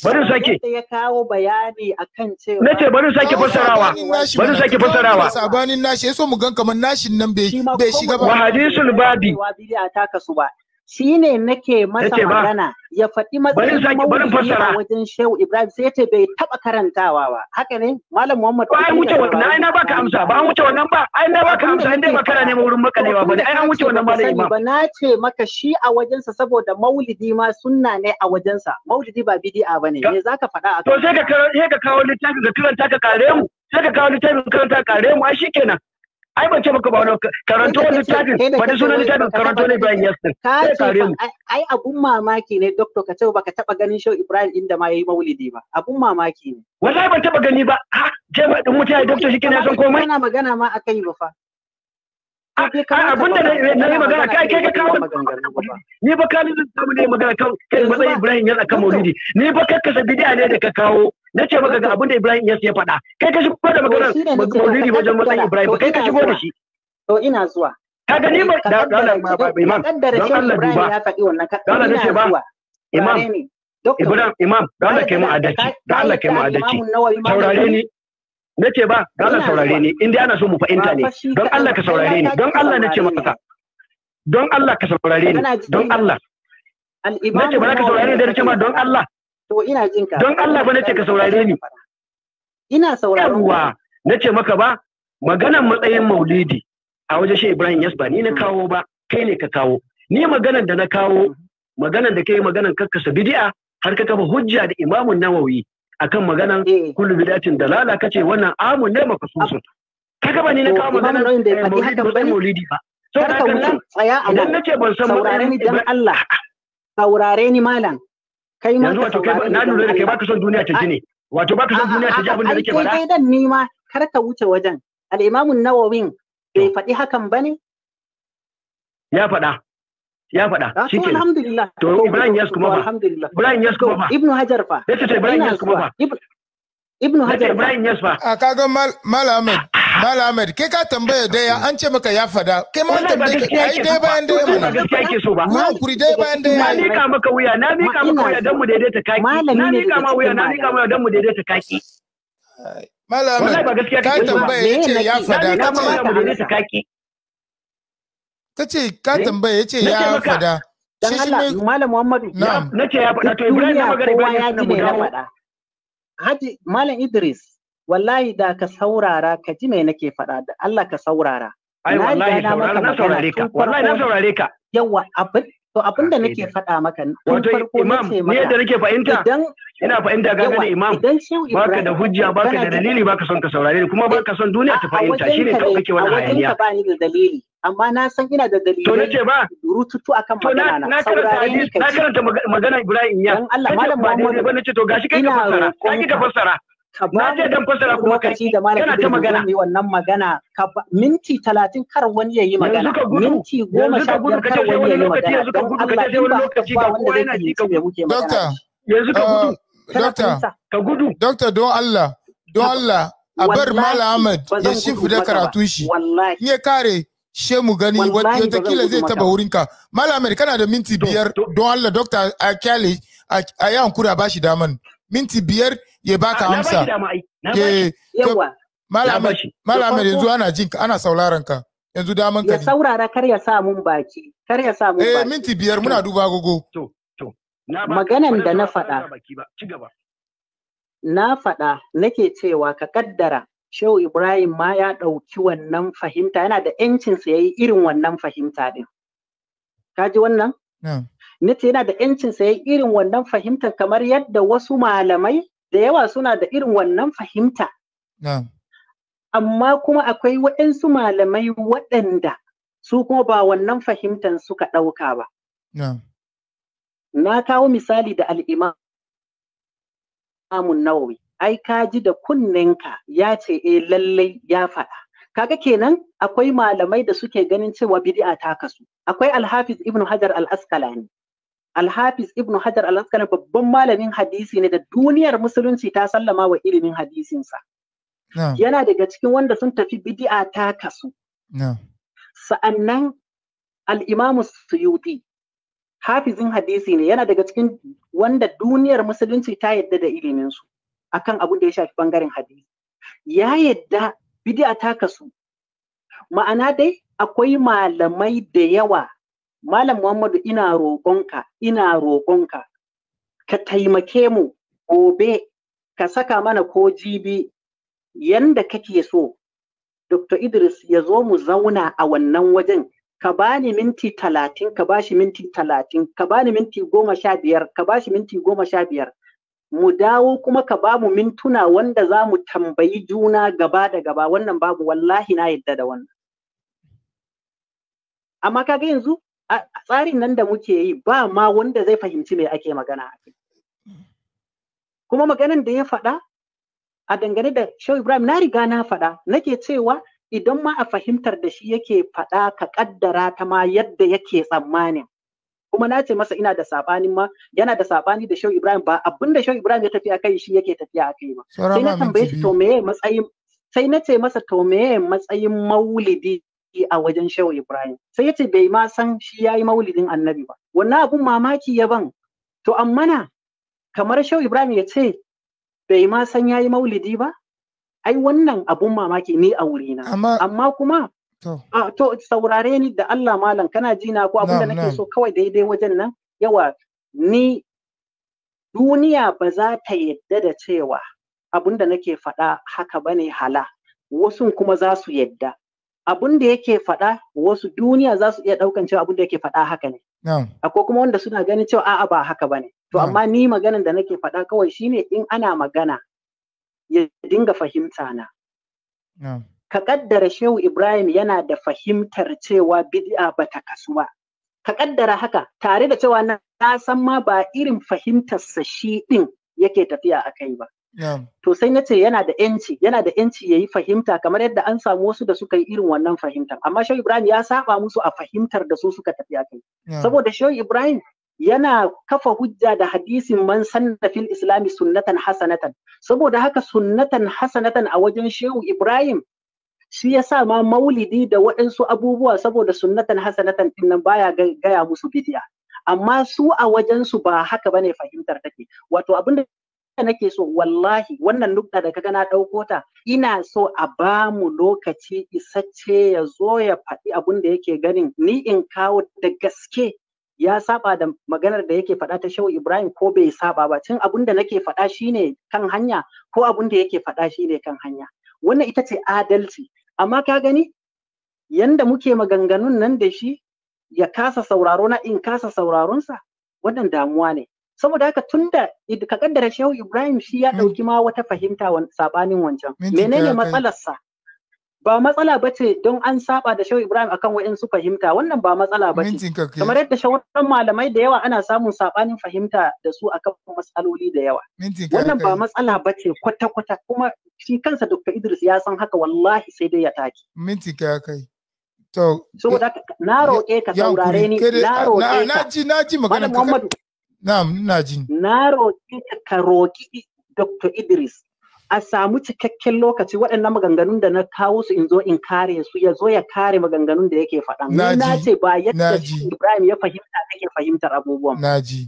bari sake ya kawo bayani akan cewa nace bari sake fassarawa bari sake fassarawa sabanin nashi yaso mu gan kamar nashin nan bai bai shiga ba wa hadisul babi wa bid'a ta kasu ba shi ne nake masa magana ya faɗi matsayin mawuyi a wajen Shehu Ibrahim sai ce bai taɓa karantawa ba haka ne Malam Muhammad ba an wuce wannan ai na baka amsa ba an wuce wannan ba ai na baka amsa inda ba kana neman wurin makalewa ba ai an wuce wannan ba imam ba na ce maka shi a wajensa saboda maulidi ma sunna ne a wajensa maulidi ba bid'a bane me zaka faɗa a to sai ka sai ka kawo littafin ka karanta ka kare mu sai ka kawo littafin ka karanta ka kare mu ai shikenan ai ban ce maka ba wani karanto wani littafin wani sunan littafin karanto ne bayan yasin ka ce ai abun mamaki ne doctor ka ce ka taba ganin shau ibrahim inda ma yayi maulidi ba abun mamaki ne wallahi ban taba gani ba ha je ma din mutaya doctor shikenan ya san komai kana magana ma akai ba fa abun da na yi magana kai kai ka kawo ni ba kani zan samu ne magana kan kai matsayin ibrahim yana kan maulidi ni ba kakkasa bidiya ne da ka kawo na ce maka ga abin da Ibrahim Iyas ya faɗa kai ka shigo da maganar maulidi wajen matsayin Ibrahim kai ka shigo da shi to ina zuwa ka ga ni ba da Allah imam don Allah duba don Allah nace ba imam Ibrahim imam da Allah kai mu adalci da Allah kai mu adalci saurare ni nace ba da Allah saurare ni inda ana so mu fahimta ne don Allah ka saurare ni don Allah nace maka don Allah ka saurare ni don Allah nace ba za ka saurare ni da nace ma don Allah To ina jin ka. Don Allah ba nace ka saurare ni. Ina sauraron ka. nace maka ba maganan matsayin Maulidi a wajen shi Ibrahim Yas ba ni na kawo ba kai ne ka kawo. Ni maganan da na kawo maganan da kai maganan kakkasa bid'a har ka kafa hujja da Imamun Nawawi akan maganan eh. kullu bid'atin dalala kace wannan amun ne susu. Kaga ba ni na kawo maganan Maulidi ba. Saboda a nan idan nace ban san matsayin Allah. Saurare ni malam. kai ma yanzu wato kai na lura da kai baka son duniya ta ji wato baka son duniya ta ji abin da nake faɗa kai dan nima kar ka wuce wajen al-Imam nawawi bai faɗi hakan bane ya faɗa ya faɗa ah, shike alhamdulillah to Ibrahim Yas kuma fa Ibrahim Yas kuma fa Ibn Hajar fa yace Ibrahim Yas kuma fa ibnu hajar ba a kaga mal Ahmed kai ka tambaya dai ya an ce maka ya fada kai ma tambaye ka ai dai bayan dai mana gaskiya ke so ba na kuri dai bayan dai na mika maka wuya na mika maka wuya dan mu daidaita kaki na mika maka wuya na mika maka wuya dan mu daidaita kaki malam ka eh? tambaya ce ya fada Na ka ce mu daidaita kaki ce ka tambaya ce ya fada dan Allah malam Muhammadu na ce ya fada to Ibrahim ya magana Ibrahim ya fada Hadi malam Idris wallahi da ka saurara ka ji me nake faɗa da Allah ka saurara ai wallahi na saurare ka wallahi na saurare ka yawa abin To abin da nake faɗa maka tun farko nace maka. nake fahimta ina fahimta ga da imam baka da hujja baka da dalili baka son ka saurare ni kuma baka son eh, duniya ta fahimta shine kawai kake wani hayaniya. A wajen da dalili amma na san da dalili. To nace ba rututu na saurare ni Na karanta magana Ibrahim ya. Dan Allah malam Muhammad ba nace to gashi Kai ka fassara. Ka ba dan fassara kuma kai lokaci da malam ta magana mai wannan magana minti talatin kar wani ya yi magana minti goma sha biyar kar wani ya yi magana don Allah in ba ba wanda zai yi ya muke magana yanzu ka gudu dokta ka gudu uh, dokta don Allah don Allah a bar malam Ahmad ya shifu da karatun shi in ya kare she mu gani watakila zai taba wurinka malam Ahmad kana da minti biyar don Allah dokta a kyale a yi hankuri ba shi daman minti biyar ya baka amsa malamar yanzu ana jin ka ana sauraron ka yanzu mun ka ya saurara kar ya sa mun baki kar ya sa mun eh, baki eh minti biyar muna duba gogo to to maganan da na faɗa na fada nake cewa ka kaddara Shehu Ibrahim ma ya ɗauki wannan fahimta yana da ‘yancinsa ya yi irin wannan fahimta ɗin. Ka ji wannan? ce yana da ‘yancinsa ya yi irin wannan fahimtar kamar yadda wasu malamai da yawa suna da irin wannan fahimta. Amma kuma akwai waɗansu malamai waɗanda su kuma ba wannan fahimtan suka ɗauka ba. Na kawo misali da al'imam Nawawi, ai ka ji da kunninka ya ce e lallai ya faɗa. Kaga kenan akwai malamai da suke ganin cewa bid'a ta kasu. Akwai Alhafiz Ibn Hajar al askalani Alhafiz Ibn Hajar al-Asqalani babban malamin hadisi ne da duniyar musulunci ta sallama wa ilimin hadisinsa. Yana daga cikin wanda sun tafi bid'a ta kasu. Sa'annan al imamu Suyuti hafizin hadisi ne yana daga cikin wanda duniyar musulunci ta yadda da iliminsu akan abin da ya shafi bangaren hadisi. Ya yadda bid'a ta kasu. Ma'ana dai akwai malamai da yawa Malam Muhammadu ina roƙonka, ina roƙonka, ka taimake mu gobe, ka saka mana ko jibi yanda kake so. Dr. Idris ya zo mu zauna a wannan wajen, ka bani minti talatin, ka bashi minti talatin, ka bani minti goma sha biyar, ka bashi minti goma sha biyar. mu dawo kuma ka ba mu mintuna wanda za mu tambayi juna gaba da gaba wannan babu wallahi na yadda da wannan amma kaga yanzu A tsarin nan da muke yi ba ma wanda zai fahimci me ake magana a kuma maganin da ya faɗa a dangane da Shehu Ibrahim na riga na faɗa nake cewa idan ma a fahimtar da shi yake faɗa ka kaddara ta ma yadda yake tsammanin kuma na ce masa ina da saɓani ma yana da saɓani da Shehu Ibrahim ba abin da Shehu Ibrahim ya tafi a kai shi yake tafiya a kai ba sai na tambaye shi to meye matsayin sai na ce masa to meye matsayin maulidi a wajen Shehu Ibrahim. Sai yace bai ma san shi ya yi maulidin annabi ba. Wannan abun mamaki ya ban. To amma na kamar Shehu Ibrahim ya ce bai ma san ya yi maulidi ba? Ai wannan abun mamaki ni a wurina. Amma kuma to saurare ni da Allah malam kana jina ko abin da nake so kawai daidai wajen nan yawa ni duniya ba za ta yadda da cewa abun da nake faɗa haka bane hala wasu kuma za su yadda abun da yake faɗa wasu duniya za su iya ɗaukan cewa abun da yake faɗa haka ne. Akwai kuma wanda suna ganin cewa a'a ba haka ba ne. To amma ni maganan da nake faɗa kawai shine in ana magana ya dinga fahimta na. Ka kaddara Shehu Ibrahim yana da fahimtar cewa bid'a bata kasu ba. Ka kaddara haka tare da cewa na san ma ba irin fahimtarsa shi ɗin yake tafiya a kai ba. To sai na ce yana da ‘yanci, yana da ‘yanci ya yi fahimta kamar yadda an samu wasu da suka yi irin wannan fahimtar. Amma Shehu Ibrahim ya saba musu a fahimtar da su suka tafi a kai. Saboda Shehu Ibrahim yana kafa hujja da hadisin man sanna fil islami sunnatan hasanatan. Saboda haka sunnatan hasanatan a wajen Shehu Ibrahim shi ya sa ma maulidi da waɗansu abubuwa saboda sunnatan hasanatan ɗin nan baya gaya musu fitiya. amma su a wajensu ba haka bane fahimtar take wato abin da haka nake so wallahi wannan nukta da kaga na ɗauko ta ina so a ba mu lokaci isacce ya zo ya faɗi abin da yake ganin ni in kawo da gaske ya saba da maganar da yake faɗa ta Shehu Ibrahim ko bai saba ba tun abun da nake faɗa shine kan hanya ko abun da yake faɗa shine kan hanya wannan ita ce adalci amma ka gani yanda muke maganganun nan da shi ya kasa sauraro na in kasa sauraron sa wannan damuwa ne saboda haka tunda ka kaddara shehu ibrahim shi ya dauki hmm. ma wata fahimta sabanin wancan menene matsalarsa ba matsala ba ce don an saba da shehu ibrahim akan wa'insu fahimta wannan ba matsala ba ce kamar yadda shawarar malamai da yawa ana samun sabanin fahimta da su akan matsaloli da yawa wannan ba matsala ba ce kwata-kwata kuma shi kansa dr idris ya san haka wallahi sai dai ya take minti ka kai To, na roƙe ka saurare ni, na roƙe ka. Na ji, na ji magana Na'am, ina ji. Na roƙi ka roƙi Dr. Idris a samu cikakken lokaci waɗannan maganganun da na kawo su in zo in kare su ya zo ya kare maganganun da yake faɗa. Na ce ba yadda Ibrahim ya fahimta take fahimtar abubuwan. Na ji.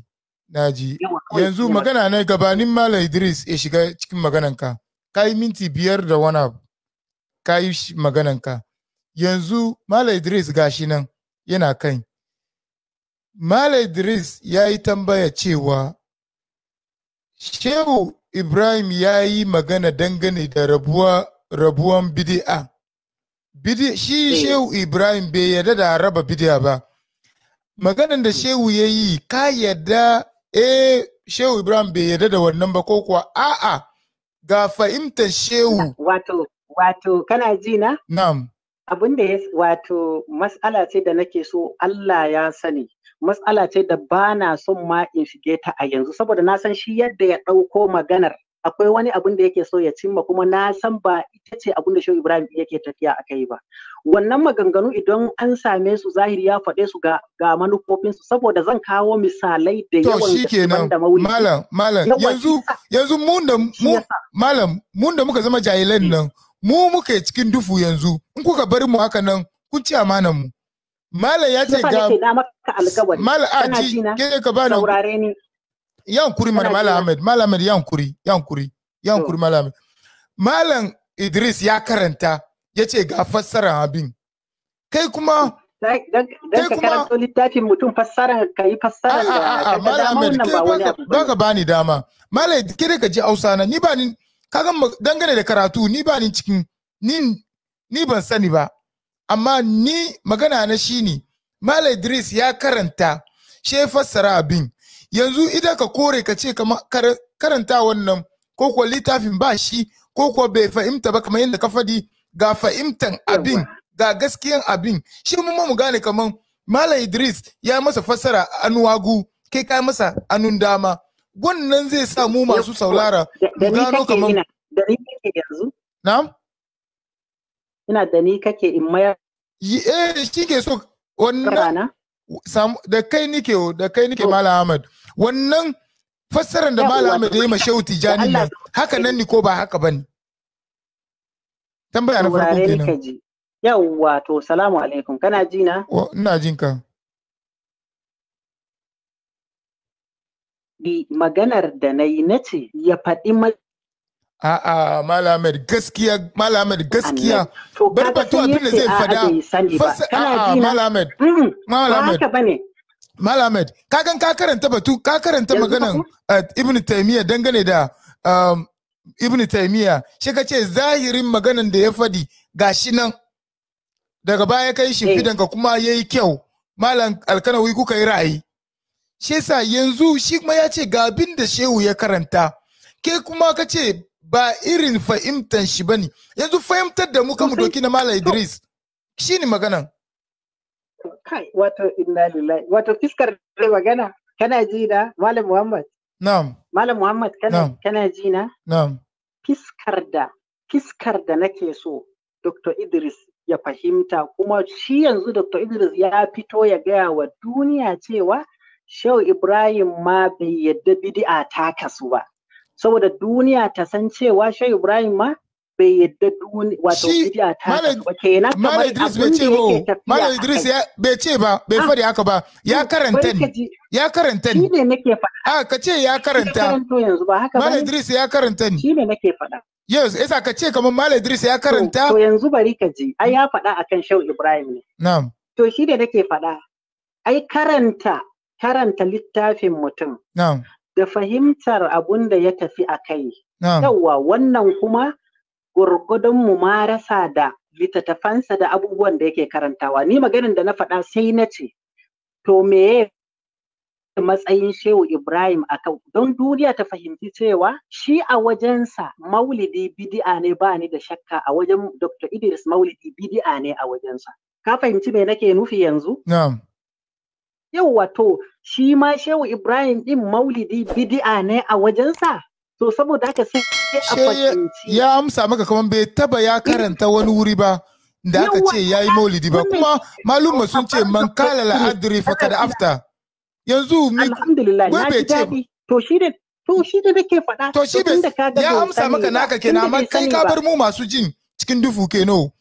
Yanzu magana ne gabanin Malam Idris ya shiga cikin magananka. Ka yi minti biyar da wani abu. Ka yi magananka. Yanzu Malam Idris gashi nan yana kai. Malam Idris ya yi tambaya cewa, Shehu Ibrahim ya yi magana dangane da rabuwa, rabuwan bidi'a. Bidi, shi eh. Shehu Ibrahim bai yarda da raba bidi'a ba. Maganan da hmm. Shehu ya yi, ka yarda, eh Shehu Ibrahim bai yarda da wannan ba ko kuwa a'a ga fahimtar Shehu. Wato, wato, kana ji na? Na'am. abin da ya wato mas'ala ce da nake so Allah ya sani matsala ce da ba na son ma in shige ta a yanzu saboda na san shi yadda ya ɗauko maganar akwai wani abin da yake so ya cimma kuma na san ba ita ce abin da Shehu Ibrahim yake tafiya a kai ba. Wannan maganganu idan an same su zahiri ya faɗe su ga, ga manufofinsu saboda zan kawo misalai da yawan da maulidi. Malam, malam, yanzu, yanzu mun da mu, malam, mu da muka zama jahilan mm. nan, mu muka cikin dufu yanzu, in kuka bari mu haka nan, kun ci amanan mu. Malam ya ce ga Malam ah, a ji ke ka ba ni. Yan kuri mana Malam Ahmed, Malam Ahmed yan kuri, yan kuri, yan kuri Malam Ahmed. Malam Idris ya karanta ya ce ga fassara abin. Kai kuma kai kuma littafin mutum fassara ka yi fassara ah, ah, da Malam Ahmed ba ka ba ni dama. Malam ke ka ji Hausa na ni ba ni kaga dangane da karatu ni ba ni cikin ni ni ban sani ba. amma ni magana na shi Malam Idris ya karanta shi ya fassara abin yanzu idan ka kore ka ce karanta wannan ko kuwa littafin ba shi ko kuwa bai fahimta ba kamar yadda ka fadi ga fahimtan abin ga gaskiyan abin shi mun mu gane kamar Malam Idris ya masa fassara anu wagu kai ka masa anun dama wannan zai sa mu masu saulara mu gano kamar da ni kake yanzu na'am ina da ni kake in mayar eh shi ke so wannan da kai nike da kai nike malam ahmad wannan fassarar da malam ahmad ya yi ma shehu tijani nan haka nan ni ko ba haka ba ne tambaya na farko nan yawwa to salamu alaikum kana ji na ina jin ka maganar da na yi na ce ya faɗi A'a Malamed gaskiya Malamed gaskiya bari batu abin da zai fada a'a Malamed Malamed Malamed ka gan ka karanta batu ka karanta maganan eh, Ibn Taymiya dangane da um, Ibn Taymiya shi ka ce zahirin maganan da ya fadi gashi nan daga baya kai shi fidan ka eh. kuma yayi kyau Malam Alkanawi kuka yi ra'ayi shi yanzu shi kuma ya ce ga abin da shehu ya karanta ke kuma ka ce ba irin fahimtan shi bane yanzu fahimtar da mu mu doki na mala Idris shi ne magana kai wato inna lillahi wato fiskar da magana kana ji da Malam Muhammad na'am Malam Muhammad kana kana ji na na'am fiskar da fiskar da nake so Dr. Idris ya fahimta kuma shi yanzu Dr. Idris ya fito ya gaya wa duniya cewa shau Ibrahim ma bai yadda bid'a ta kasu ba. saboda duniya ta san cewa shai ibrahim ma bai yadda duniya wato bid'a ta kenan kamar Idris bai ce ba Malam Idris bai ce ba bai ah, fadi haka ba ya karanta ne ya karanta ne shine nake faɗa a ah, ka ce ya karanta yanzu ba haka Idris ya karanta ne shine nake faɗa Yes, isa ka ce kamar Malam Idris ya karanta. To yanzu bari ka ji, ai ya faɗa akan shau Ibrahim ne. Na'am. To shi da nake faɗa, ai karanta karanta littafin mutum. Na'am. da fahimtar abun da ya tafi a kai. Yawwa wannan kuma gurgudun mu marasa da littattafansa da abubuwan da yake karantawa. Ni maganin da na faɗa sai na ce, to meye matsayin Shehu Ibrahim a kan don duniya ta fahimci cewa shi a wajensa maulidi bidi'a ne ba ni da shakka a wajen Dr. Idris maulidi bidi'a ne a wajensa. Ka fahimci me nake nufi yanzu? Yau to shi ma shehu ibrahim din maulidi bidi'a ne a wajensa to saboda haka sai a fahimci ya amsa maka kuma bai taba ya karanta wani wuri ba da aka ce ya yi maulidi ba kuma malumma sun ce man kala la'adri fa kada afta yanzu alhamdulillah na ji daɗi to shi da to shi da nake faɗa to shi ya amsa maka naka kenan amma kai ka bar mu masu jin cikin dufu ke no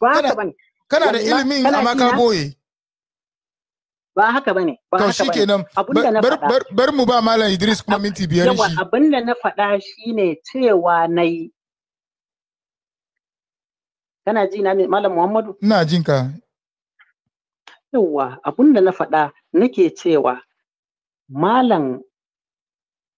kana da ilimin amma ka boye ba haka bane ba to shikenan bar mu ba malam Idris kuma minti biyar shi abinda na faɗa shine cewa nayi kana ji na malam Muhammadu ina jin ka yawa abinda na faɗa nake cewa malam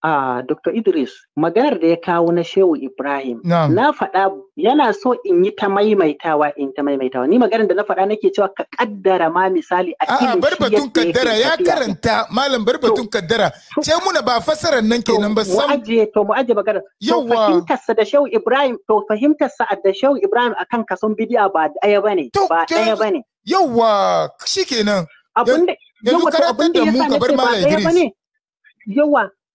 uh, Dr. Idris maganar da ya kawo na Shehu Ibrahim. No. Na faɗa yana so in yi ta maimaitawa in ta maimaitawa. Ni maganar da na faɗa nake cewa ka kaddara ma misali a cikin bar batun kaddara ya karanta malam bar batun kaddara. Ce muna ba fasarar nan kenan ba sam. Mu'aje to mu'aje maganar. fahimtar sa da Shehu Ibrahim to sa da Shehu Ibrahim akan kason bidiya ba ɗaya bane. Ba ɗaya bane. Yawwa shikenan. Abin da yanzu da mu ka bar Malam Idris.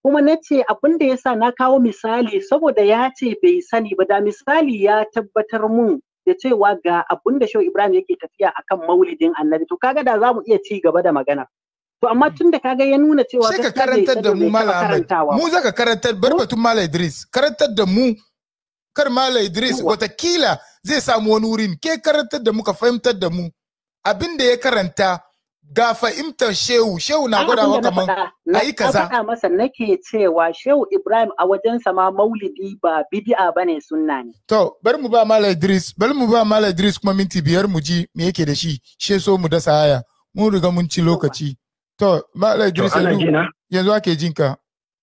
kuma na ce abin da ya sa na kawo misali saboda ya ce bai sani ba da misali ya tabbatar mun da cewa ga abin da Shehu Ibrahim yake tafiya akan maulidin annabi to kaga da zamu iya ci gaba da magana to amma hmm. tun da kaga ya nuna cewa sai ka karantar da mu Malam Ahmed mu zaka karantar bar batun Malam Idris karantar da mu kar Malam Idris watakila zai samu wani wurin ke karantar da mu ka fahimtar da mu abin da ya karanta ga fahimtar shehu shehu na gwada wa kaman ayi kaza na faɗa masa nake cewa shehu ibrahim a wajen sama maulidi ba bid'a bane sunna ne to bari mu ba malam idris bari mu ba malam idris kuma minti biyar mu ji me yake da shi she so mu dasa haya mun riga mun ci lokaci to malam idris yanzu ake jinka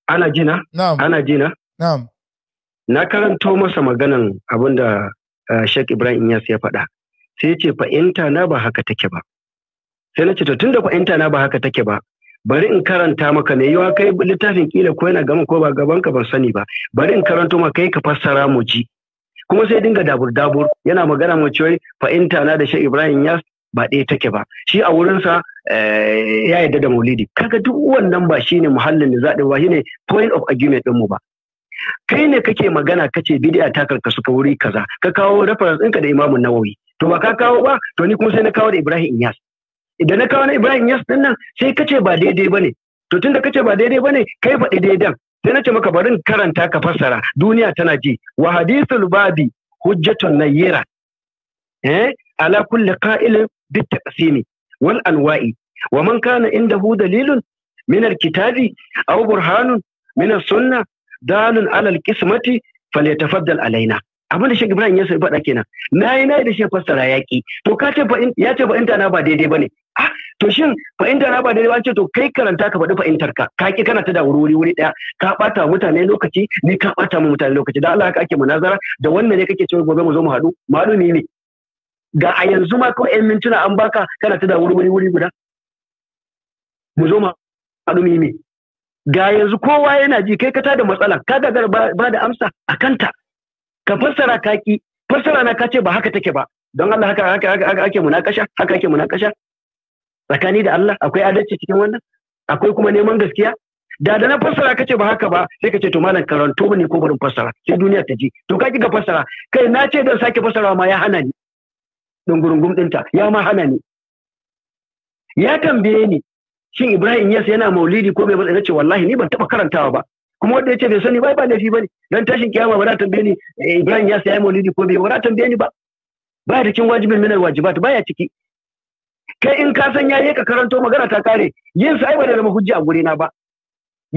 ana jina na'am ana jina na'am na karanto masa maganan abinda eh, Sheikh Ibrahim Iyas ya faɗa sai ya ce fahimta na ba haka take ba sai na ce to tunda fahimta na ba haka take ba bari in karanta maka ne yiwa kai littafin kila ko yana gama ko ba gaban ka ban sani ba bari in karanto maka kai ka fassara mu ji kuma sai dinga dabur dabur yana magana mu fa fahimta na da shi Ibrahim Yas ba ɗaya take ba shi a wurinsa eh, ya yarda da maulidi kaga duk wannan ba shine muhallin da zaɗi ba shine point of argument din mu ba kai ne kake magana kace bid'a ta karkasu ka wuri kaza ka kawo reference ɗinka da imamun nawawi to ba ka kawo ba to ni kuma sai na kawo da ibrahim yas idan na kawo na Ibrahim Yas din nan sai kace ba daidai bane to tunda kace ba daidai bane kai faɗi daidan sai na ce maka barin karanta ka fassara duniya tana ji wa hadithul babi hujjatun nayyira eh ala kulli qa'ilin bit taqsimi wal anwa'i wa man kana indahu dalilun min al kitabi aw burhanun min as sunnah dalun ala al qismati falyatafaddal alaina abin da Sheikh Ibrahim ya sai faɗa kenan nayi nayi da shi fassara yaƙi. to ka ce ba ya ce ba inta na ba daidai bane to shin fahimta na ba da ba ce to kai karanta ka faɗi fahimtar ka ka ki kana ta da wuri wuri daya ka bata mutane lokaci ni ka bata mu mutane lokaci dan Allah ka ake munazara da wannan ne kake cewa gobe mu zo mu haɗu mu ne ne ga a yanzu ma ko ɗan mintuna an baka kana ta da wuri wuri wuri guda mu zo mu haɗu ne ne ga yanzu kowa yana ji kai ka tada matsala ka gagar ba da amsa a kanta ka fassara ka ki fassara na ka ce ba haka take ba don Allah haka haka haka ake munakasha haka ake munakasha tsakani da Allah akwai adalci cikin wannan akwai kuma neman gaskiya da da na fassara kace ba haka ba sai kace to malam karanto ne ko barin fassara sai duniya ta ji to ka ga fassara kai na ce dan sake fassara ma ya hana ni dungurungum dinta ya ma hana ni ya tambaye ni shin Ibrahim yasa yana maulidi ko bai bada ce wallahi ni ban taba karantawa ba kuma wanda yace bai sani bai ba laifi bane dan tashin kiyama ba za tambaye ni eh, Ibrahim yasa yayi maulidi ko bai ba za tambaye ni ba baya cikin wajibin minal wajibat baya ciki kai in ka san yayi ka karanto magana ta kare yin sa ai ba zama hujja a gurena ba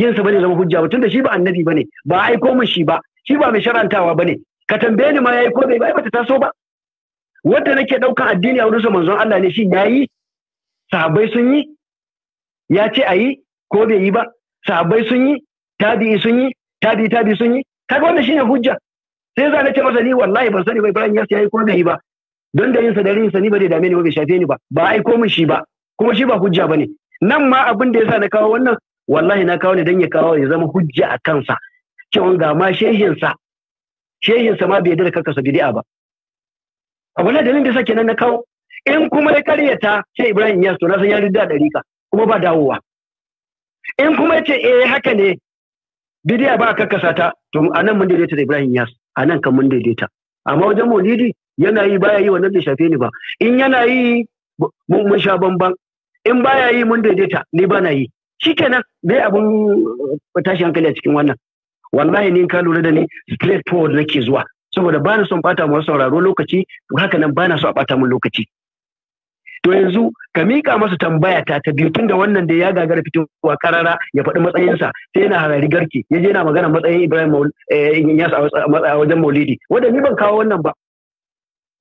yin sa bane zama hujja ba tunda shi ba annabi bane ba aiko min shi ba shi ba mai sharantawa bane ka tambaye ni ma yayi ko bai ba bata taso ba wanda nake daukan addini a wurin sa manzon Allah ne shin yayi sahabbai sun yi ya ce ayi ko bai yi ba sahabbai sun yi tabi'i sun yi tabi'i tabi'i sun yi kaga wannan shine hujja sai za na ce masa ni wallahi ban sani ba Ibrahim ya yi ko bai yi ba don da yinsa da rinsa ni ba zai dame ni ba bai shafe ni ba ba aiko min shi ba kuma shi ba hujja bane nan ma abin da yasa na kawo wannan wallahi na kawo ne dan ya kawo ya zama hujja a kansa cewa ga ma shehinsa shehinsa ma bai yarda da karkasa bid'a ba abu na dalilin da yasa kenan na kawo in kuma ya karyata sai Ibrahim ya to na san ya rida dariƙa kuma ba dawowa in kuma ya ce eh haka ne bidiya ba a karkasa ta to anan mun daidaita da Ibrahim Yas anan kan mun daidaita amma wajen maulidi yana yi baya yi wannan bai shafe ni ba in yana yi mun sha bamban in baya yi mun daidaita ni ba na yi shikenan me abun uh, tashi hankali a cikin wannan wallahi ni ka lura da ni straight forward nake zuwa saboda bana son bata mu sauraro lokaci haka nan bana so a bata mun lokaci to yanzu ka mika masa tambaya ta ta biyu tunda wannan da ya gagara fitowa karara ya faɗi matsayinsa sai yana harari garki ya je yana magana matsayin Ibrahim eh, Inyas a wajen Maulidi wanda ni ban kawo wannan ba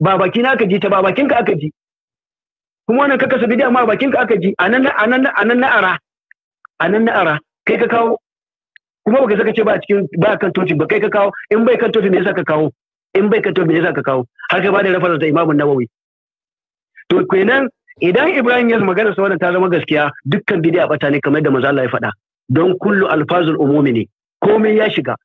ba baki na aka ji ta ba bakin ka aka ji kuma wannan kakasa bidiya ma bakin ka aka ji anan anan anan na ara anan na ara kai ka kawo kuma baka saka ce ba cikin ba kan toci ba kai ka kawo in bai kan toci me yasa ka kawo in bai kan toci me yasa ka kawo har ka ba da rafarar da imamun nawawi to kenan idan ibrahim ya magana sa wannan ta zama gaskiya dukkan bidiya bata ne kamar da manzo Allah ya faɗa don kullu alfazul umumi ne komai ya shiga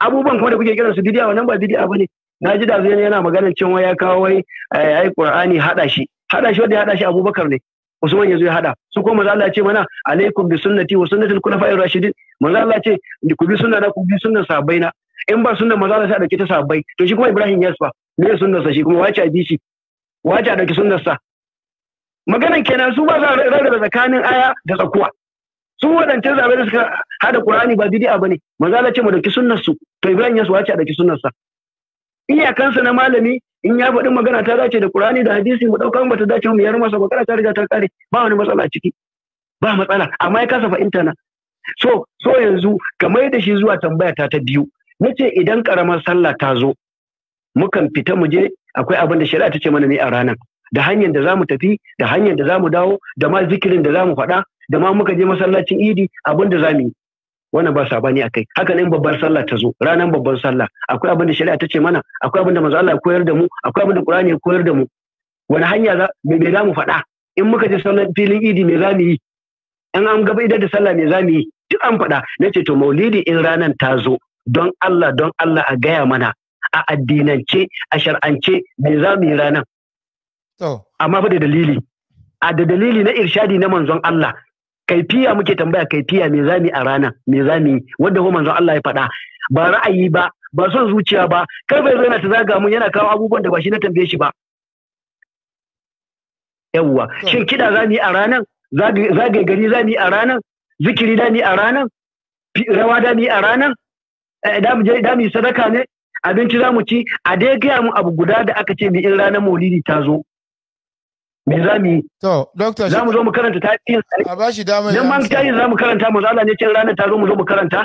abubuwan kuma da kuke kiran su bidiya wannan ba bidiya bane na ji da yana magana cewa ya kawo wai eh, ai qur'ani hada shi hada shi wanda ya hada shi abubakar ne usman yazo ya hada su ko manzo Allah ya ce mana alaikum bi sunnati wa sunnati al-khulafa'ir rashidin manzo Allah ya ce ku bi sunna na ku bi sunnan sahabbai na in ba sunnan manzo Allah ya dauke ta sahabbai to shi kuma Ibrahim ya fa ne sunnan sa shi kuma wace a bi shi wace a dauki sunnan sa maganan kenan su ba za a rarraba tsakanin aya da tsakuwa su wadancan zaɓe da suka hada Qur'ani ba bid'a bane manzo Allah ya ce mu dauki sunnan su to Ibrahim ya wace a dauki sunnan sa iyakansa na malami in ya faɗi magana ta dace da Qur'ani da hadisi mu ɗauka bata dace mu yar masa magana ta riga ta kare ba wani matsala a ciki ba matsala amma ya kasa fahimta na so so yanzu kamar da shi zuwa tambaya ta ta biyu nace idan karamar sallah ta zo mukan fita mu je akwai abin da shari'a ta ce mana ne a ranar da hanyar da zamu tafi da hanyar da za mu dawo da ma zikirin da za mu faɗa da ma muka je masallacin idi abin da zamu yi wannan ba sabani akai haka ne babbar sallah ta zo ranar babban sallah akwai abin da shari'a ta ce mana akwai abin da manzo Allah ya koyar da mu akwai abin da Qur'ani ya koyar da mu wani hanya za me za mu faɗa in muka je sallar filin idi me za mu yi in an gaba da sallah me za mu yi duk an faɗa na ce to maulidi in ranar ta zo don Allah don Allah a gaya mana a addinance a shar'ance me za mu yi ranar amma fa da dalili a da dalili na irshadi na manzon Allah kaifiya muke tambaya kaifiya me zamu a rana me zamu wanda ko manzon Allah ya faɗa ba ra'ayi ba ba son zuciya ba kar bai zo yana ta zaga mun yana kawo abubuwan da ba shi na tambaye shi ba yawwa shin kida zamu yi a ranan zagaye gari zamu yi a ranan zikiri da ni a ranan rawa da ni a ranan da eh, mu je da mu sadaka ne abinci za mu ci a dai gaya mu abu guda da aka ce mu in ranar maulidi ta zo me za mu yi to Dr. za mu zo mu karanta yi a ba shi damar dan man tarihin za mu karanta mu zala ne cin ranar ta zo mu zo mu karanta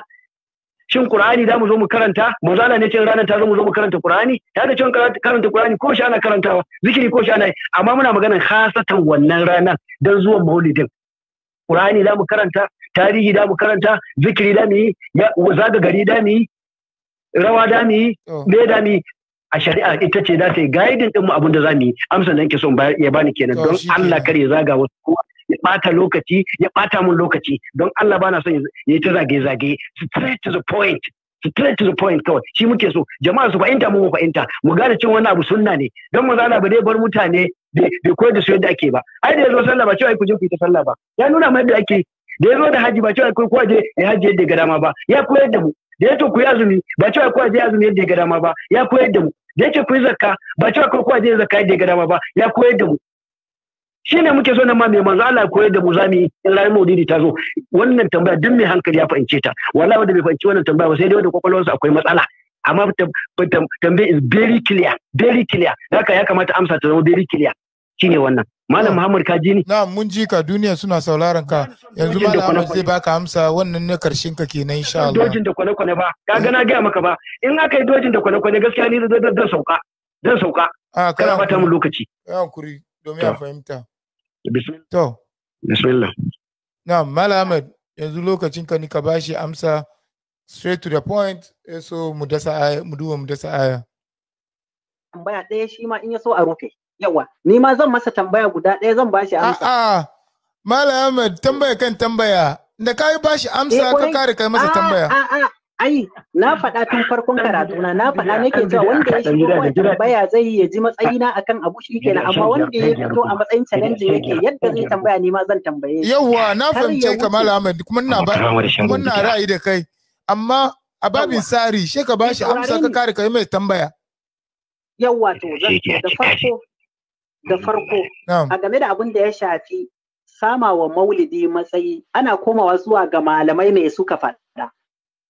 shin Kur'ani za mu zo mu karanta mu zala ne cin ranar ta zo mu zo mu karanta Kur'ani? ta da cin karanta Kur'ani ko shi ana karantawa zikiri ko shi ana yi amma muna maganar hasatan wannan ranar don zuwan maulidin Kur'ani za mu karanta tarihi da mu karanta zikiri da mu yi zaga gari da mu yi rawa da mu yi me da mu yi a shari'a ita ce za ta yi gaidin din mu abin da za mu yi amsa da yake son ya bani kenan don Allah kar ya zaga wasu kowa ya bata lokaci ya bata mun lokaci don Allah bana son ya yi ta zage zage straight to the point straight to the point kawai shi muke so jama'a su fahimta mu fahimta mu gane cin wani abu sunna ne don mu zana ba dai bar mutane bai koyar da su yadda ake ba ai da yazo sallah ba cewa ku je ku yi ta sallah ba ya nuna mai yadda ake da yazo da haji ba cewa ku ku je ya haji yadda ga dama ba ya koyar da mu da ya to ku yi azumi ba cewa ku je azumi yadda ga dama ba ya koyar da mu da yake ku yi zakka ba cewa ko kowa zai zakka yadda ya ga dama ba ya koyar da mu shi ne muke so nan ma mai manzo Allah koyar da mu zamu yi in rayuwar maudidi ta zo wannan tambaya duk mai hankali ya fahimce ta wallahi wanda bai fahimci wannan tambaya ba sai dai wanda kwakwalwarsa akwai matsala amma tambaya is very clear very clear haka ya kamata amsa ta zama very clear shine wannan malam muhammad ka ji ni na mun ji ka duniya suna sauraron ka yanzu malam ahmad zai baka amsa wannan ne karshen ka kenan insha Allah dojin da kwane kwane ba ka ga na ga maka ba in aka yi dojin da kwane kwane gaskiya ni zan sauka dan sauka ah, a kana fata mu lokaci ya hakuri domin a fahimta bismillah to bismillah na malam ahmad yanzu lokacin ka ni ka bashi amsa straight to the point eh, so mu dasa aya mu duba mu dasa aya tambaya ɗaya shi ma in ya so a rufe yawa ni ma zan masa tambaya guda ɗaya zan bashi amsa a'a Malam Ahmed tambaya kan tambaya da kai bashi amsa ka eh, kare kai masa tambaya a'a ai na faɗa tun farkon karatuna na faɗa nake cewa wanda ya shigo wa tambaya zai ya ji matsayina akan abu shi kenan amma wanda ya fito a matsayin challenge yake yadda zai tambaya ni ma zan tambaye yawa na fahimce ka malam Ahmed kuma ina ba kuma ina ra'ayi da kai amma a babin sari shi ka bashi amsa ka kare kai mai tambaya yawa to da farko da farko a game da abin da ya shafi sama wa maulidi matsayi ana komawa zuwa ga malamai mai suka faɗa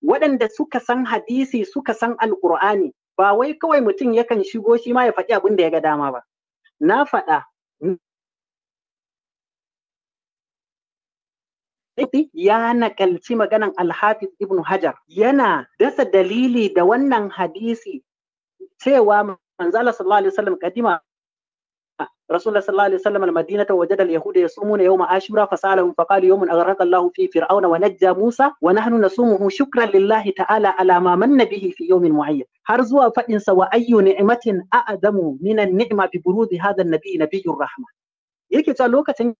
waɗanda suka san hadisi suka san alƙur'ani ba wai kawai mutum yakan shigo shi ma ya faɗi abin da ya ga dama ba na faɗa ya nakalci maganan alhafiz ibn hajar yana dasa dalili da wannan hadisi cewa manzala sallallahu alaihi wasallam kadima رسول الله صلى الله عليه وسلم المدينة وجد اليهود يصومون يوم عاشوراء فسألهم فقال يوم أغرق الله فيه فرعون ونجى موسى ونحن نصومه شكرا لله تعالى على ما من به في يوم معين har zuwa faɗinsa wa ayyu ni'matin a'zamu minan ni'ma bi burudi hadha na biyun rahma yake cewa lokacin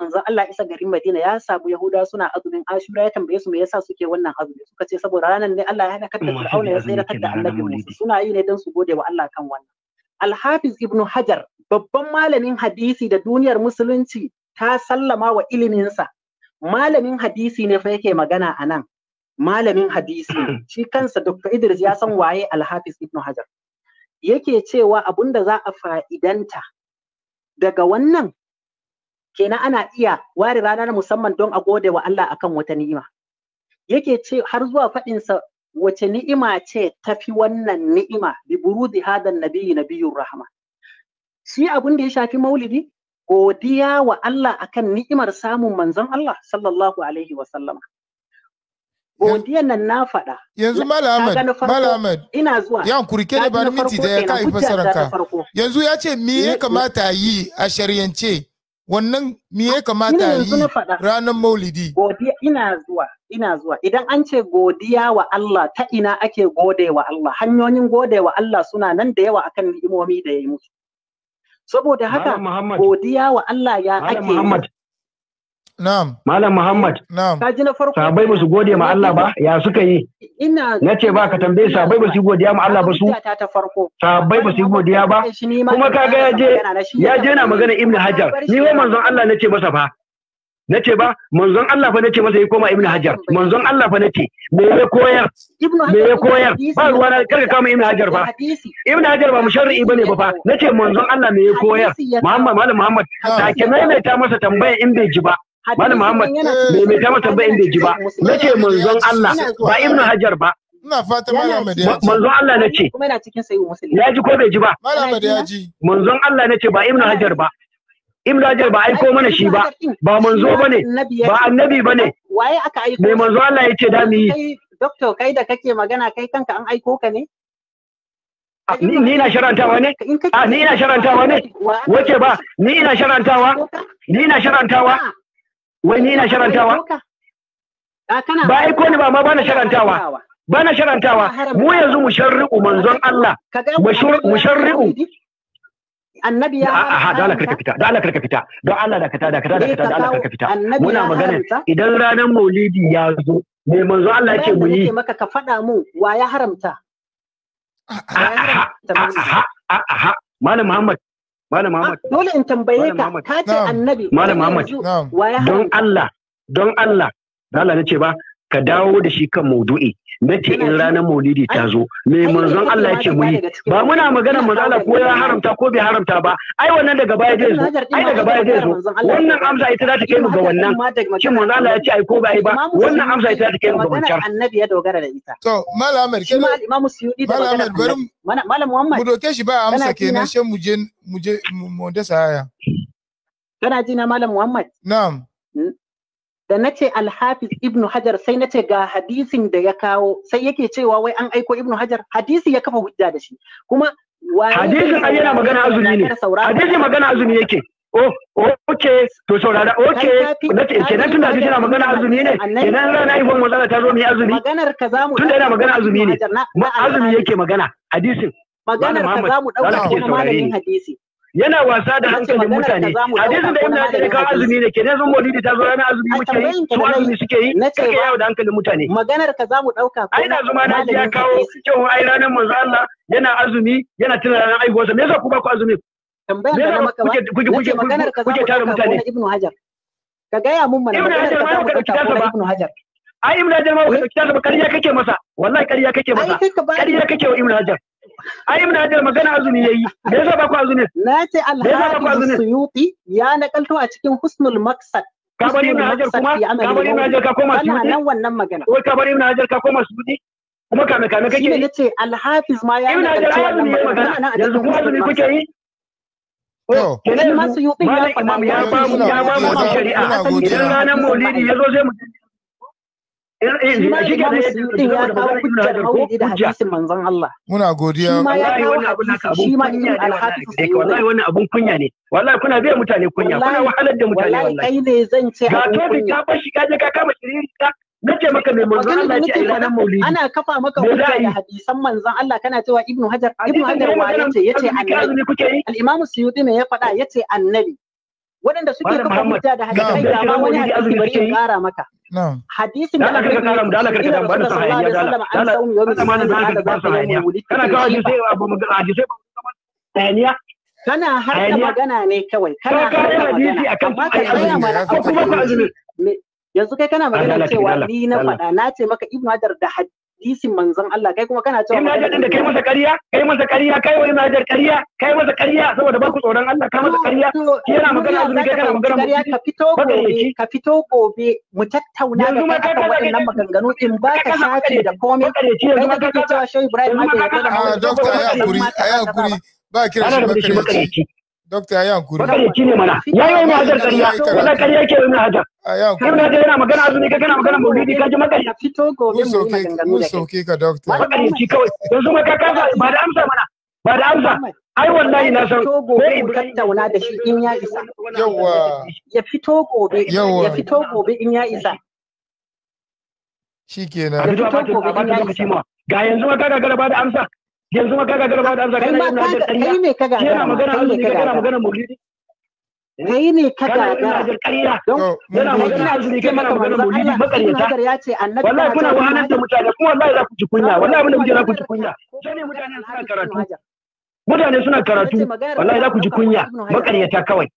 manzon Allah isa garin Madina ya samu Yahuda suna azumin Ashura ya tambaye su me yasa suke wannan azumi suka ce saboda ranar ne Allah ya halaka da Fir'auna ya tsira da Allah Musa suna yi ne don su gode wa Allah kan wannan Al-Hafiz Ibn Hajar babban malamin hadisi da duniyar musulunci ta sallama wa iliminsa malamin hadisi ne fa yake magana a nan malamin hadisi [clears throat] shi kansa dr idris ya san waye alhafiz ibnu hajar yake cewa abun da za a fa'idanta daga wannan kenan ana iya ware ranar musamman don a gode wa Allah akan wata ni'ima yake ce har zuwa faɗinsa wace ni'ima ce tafi wannan ni'ima bi burudi hadan nabiyyi nabiyyur rahma shi abin da ya shafi maulidi godiya wa Allah akan ni'imar samun manzon Allah sallallahu alaihi wa sallama godiyan nan na faɗa yanzu Malam Ahmed, ina zuwa yan kurke da bar miti da ya kai fasaranka yanzu ya ce me ya kamata yi a shari'ance wannan me ya kamata yi ranar maulidi godiya ina zuwa ina zuwa idan an ce godiya wa Allah ta ina ake gode wa Allah hanyoyin gode wa Allah suna nan da yawa akan ni'imomi da ya yi musu saboda haka godiya wa Allah ya ake Na'am. Malam Muhammad. Na'am. Ka ji na farko. Sabai ba su gode ma Allah ba, ya suka yi. Ina Na ce ba ka tambaye sabai ba su godiya ma Allah ba su. Sabai ba su godiya ba. Kuma ka ga ya je ya je na magana Ibn Hajar. Ni wa manzon Allah na ce masa fa. nace ba manzon Allah fa nace masa ya koma ibnu hajar manzon Allah fa nace me ya koyar me ya koyar ba ruwa na karka kama ibnu hajar ba. ibnu hajar ba musharri bane ba fa nace manzon Allah me ya koyar muhammad malam muhammad da ke maimaita masa tambaya in bai ji ba malam muhammad me ta masa tambaya in bai ji ba nace manzon Allah ba ibnu hajar ba Ina fata Malam muhammad ya ji. Manzon Allah nace. Kuma yana cikin sayyid Muslim. Ya ji ko bai ji ba? Malam muhammad ya ji. Manzon Allah nace ba Ibn Hajar ba. Ibn ba aiko mana shi ba ba manzo ba ne, ba annabi ba ne. Mai manzo Allah ya da mu yi doktor kai da kake magana kai kanka an aiko ka ne ni ina sharantawa ne a ni ina sharantawa ne wace ba ni ina sharantawa ni ina sharantawa wai ni ina sharantawa ba aiko ne ba ma bana sharantawa bana sharantawa mu yanzu mu sharri'u manzon Allah mu sharri'u annabi ya a da Allah karka fita da Allah karka fita Don Allah da kata da kata da kata da Allah karka fita muna magana idan ranar maulidi ya zo me manzo Allah yake mu yi maka ka faɗa mu wa ya haramta ha, Malam Muhammad Malam ah, Muhammad dole in tambaye ka ka ce annabi Malam Muhammad don Allah don Allah da Allah nace ba ka dawo da shi kan maudu'i mace in ranar maulidi ta zo me manzon Allah ya ce mu yi ba muna magana Allah ko ya haramta ko bai haramta ba ai wannan daga baya zai zo ai daga baya zai zo wannan amsa ita za ta kai mu ga wannan shin manzon Allah ya ce ai ko bai ba wannan amsa ita za ta kai mu ga wancan annabi ya dogara da ita to malam Ahmed shi imamu Suyudi da malam bari malam Muhammad mu doke shi ba amsa kenan shin mu je mu je mu dasa haya kana ji na malam Muhammad na'am hmm? da na ce alhafiz ibnu hajar sai na ce ga hadisin da ya kawo sai yake cewa wai an aiko ibnu hajar hadisi ya kafa hujja da shi kuma hadisin ai yana magana azumi ne hadisin magana azumi yake oh oke to saurara ce, ke nan tunda hadisin yana magana azumi ne kenan rana ibn mazala ta zo mu azumi maganar ka mu tunda yana magana azumi ne azumi yake magana hadisin maganar ka mu dauka kuma malamin hadisi yana wasa da hankalin mutane hadisin da ibnu hajar ka azumi ne kenan zan maulidi ta zo ranar azumi muke yi su azumi suke yi suke yawo da hankalin mutane maganar ka zamu dauka ai da zuma na ya kawo cewa ai ranar manzo Allah yana azumi yana tuna ranar aihuwarsa me yasa ku ba ku azumi tambayar da maka ba kuke maganar ka kuke tare mutane ibnu hajar ka gaya mun mana maganar ka zamu dauka ibnu hajar ai ibnu hajar ma eh? ka dauki ba kariya kake masa wallahi kariya kake masa kariya kake wa ibnu hajar ai muna hajar magana azumi yayi da yasa ba ku azumi na ce alhaji suyuti ya nakalto a cikin husnul maqsad ka bari muna hajar kuma ka bari muna hajar ka koma suyuti nan wannan magana ko ka bari muna hajar ka koma suyuti kuma kame kame kake ne nace alhafiz ma ya ibn hajar azumi ya magana yanzu ku azumi kuke yi Kenan masu yuɗin ya faɗa ya ba mu ya ba mu shari'a idan ranar maulidi ya zo zai mu Muna godiya. Wallahi wannan abun naka abun kunya ne. Wallahi eh, wannan abun kunya ne. Wallahi kuna biya mutane kunya. Kuna wahalar da mutane wallahi. Wallahi kai ne zan ce Ga tobi ka bar shi kaje ka kama shiriri ka nace maka mai manzon Allah ce ai ranar maulidi. Ana kafa maka hujja da hadisan manzon Allah kana cewa Ibn Hajar Ibn Hajar wa ya ce annabi. Al-Imam Suyuti ne ya faɗa ya ce annabi. Waɗanda suke kafa hujja da hadisai da ma wani hadisi bari in ƙara maka. hadisin da aka kara mu da Allah karka da bani sa hayya da Allah da Allah da mana da Allah da sa hayya kana kawo ji sai ba mu ga ji sai ba mu ga hayya kana har magana ne kawai kana hadisi yanzu kai kana na faɗa na ce maka hadisin manzon Allah kai kuma kana cewa Ibn Hajar da kai masa ƙarya kai masa ƙarya kai wa Ibn Hajar ƙarya kai masa ƙarya saboda ba ku tsoron Allah kai masa ƙarya yana magana azumi kai kana magana ƙarya ka fito gobe ka fito gobe mu tattauna da kai waɗannan maganganu in ba ka shafi da komai kai da kake cewa Shehu Ibrahim ma bai yarda da doctor ya kuri ya kuri ba kira shi makarici Dokta ya hankuri. Bakar yaci ne mana. Ya yi wani hajar ƙarya. Wala ƙarya yake yi mai hajar. Sai mai hajar yana magana azumi ka kana magana maulidi ka ji makar ya fito gobe mu yi maganganu da kai. Mun ka dokta. Bakar yaci kawai. Yanzu ma ka kasa ba da amsa mana. Ba da amsa. Ai wallahi na san. Ko gobe in tattauna da da shi in ya isa. Yawwa. Ya fito gobe. Yawwa. Ya fito gobe in ya isa. Shi kenan. Ya fito gobe in ya isa. Ga yanzu ma ka gagara ba da amsa. yanzu ma kaga garba da arzaka na da kai ne kaga yana magana arziki magana kai ne kaga da yana magana magana maulidi makaryata wallahi kuna wahalar da mutane kuma wallahi za ku ji kunya wallahi abin da kuke za ku ji kunya mutanen suna karatu mutane suna karatu wallahi za ku ji kunya makaryata kawai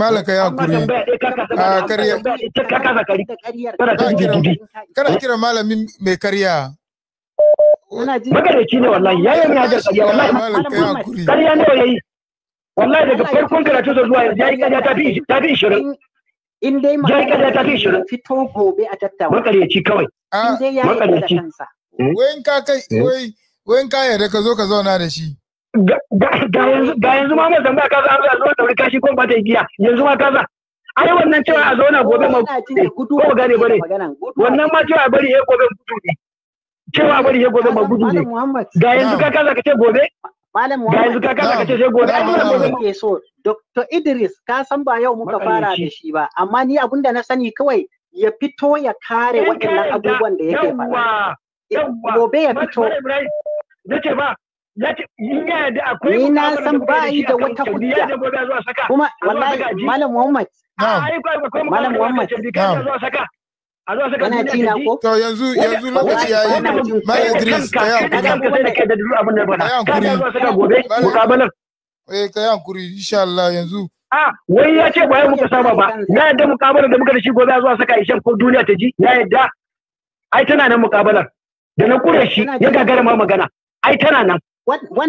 malaka ya kuri a kariya kana kira malami mai kariya magarici ne wallahi ya yi hajjar ƙarya wallahi ƙarya ne ya yi wallahi daga farkon karatu da zuwa yanzu ya yi ƙarya ta fi ishirin in dai ma ya ƙarya ta fi ishirin fito gobe a tattawa magarici kawai ah, in ya yi ƙarya kansa hmm? wayin ka kai hmm? wayin ka yarda ka zo ka zauna da shi ga yanzu ma mazan ba kaza an zo a zo da wuri kashi ko ba ta giya yanzu ma kaza ai wannan cewa a zauna gobe ma ko gane bane wannan ma cewa bari eh gobe mutu ne cewa bari ya gobe ba gudu ne ga yanzu ka kaza ka ce gobe Malam Muhammad. Ga ka ce gobe. Ai so. Dr. Idris ka san ba yau muka fara da shi ba amma ni abinda na sani kawai ya fito ya kare waɗannan abubuwan da yake faɗa. Eh, gobe ya fito. Nace ba Ni na san ba yi da wata hujja. Kuma wallahi Malam Muhammad. Malam Muhammad. a zuwa saka wani tina ko to yanzu yanzu lokaci yayi mai Idris ka ya kuri ka sai da kai da duk abin da bana ka ga zuwa saka gobe mukabalar eh ka ya insha Allah yanzu a wai ya ce ba muka saba ba Na yadda mukabalar da muka da shi gobe a zuwa saka ishan ko duniya ta ji Na yadda ai tana nan mukabalar da na kure shi ya gagara ma magana ai tana nan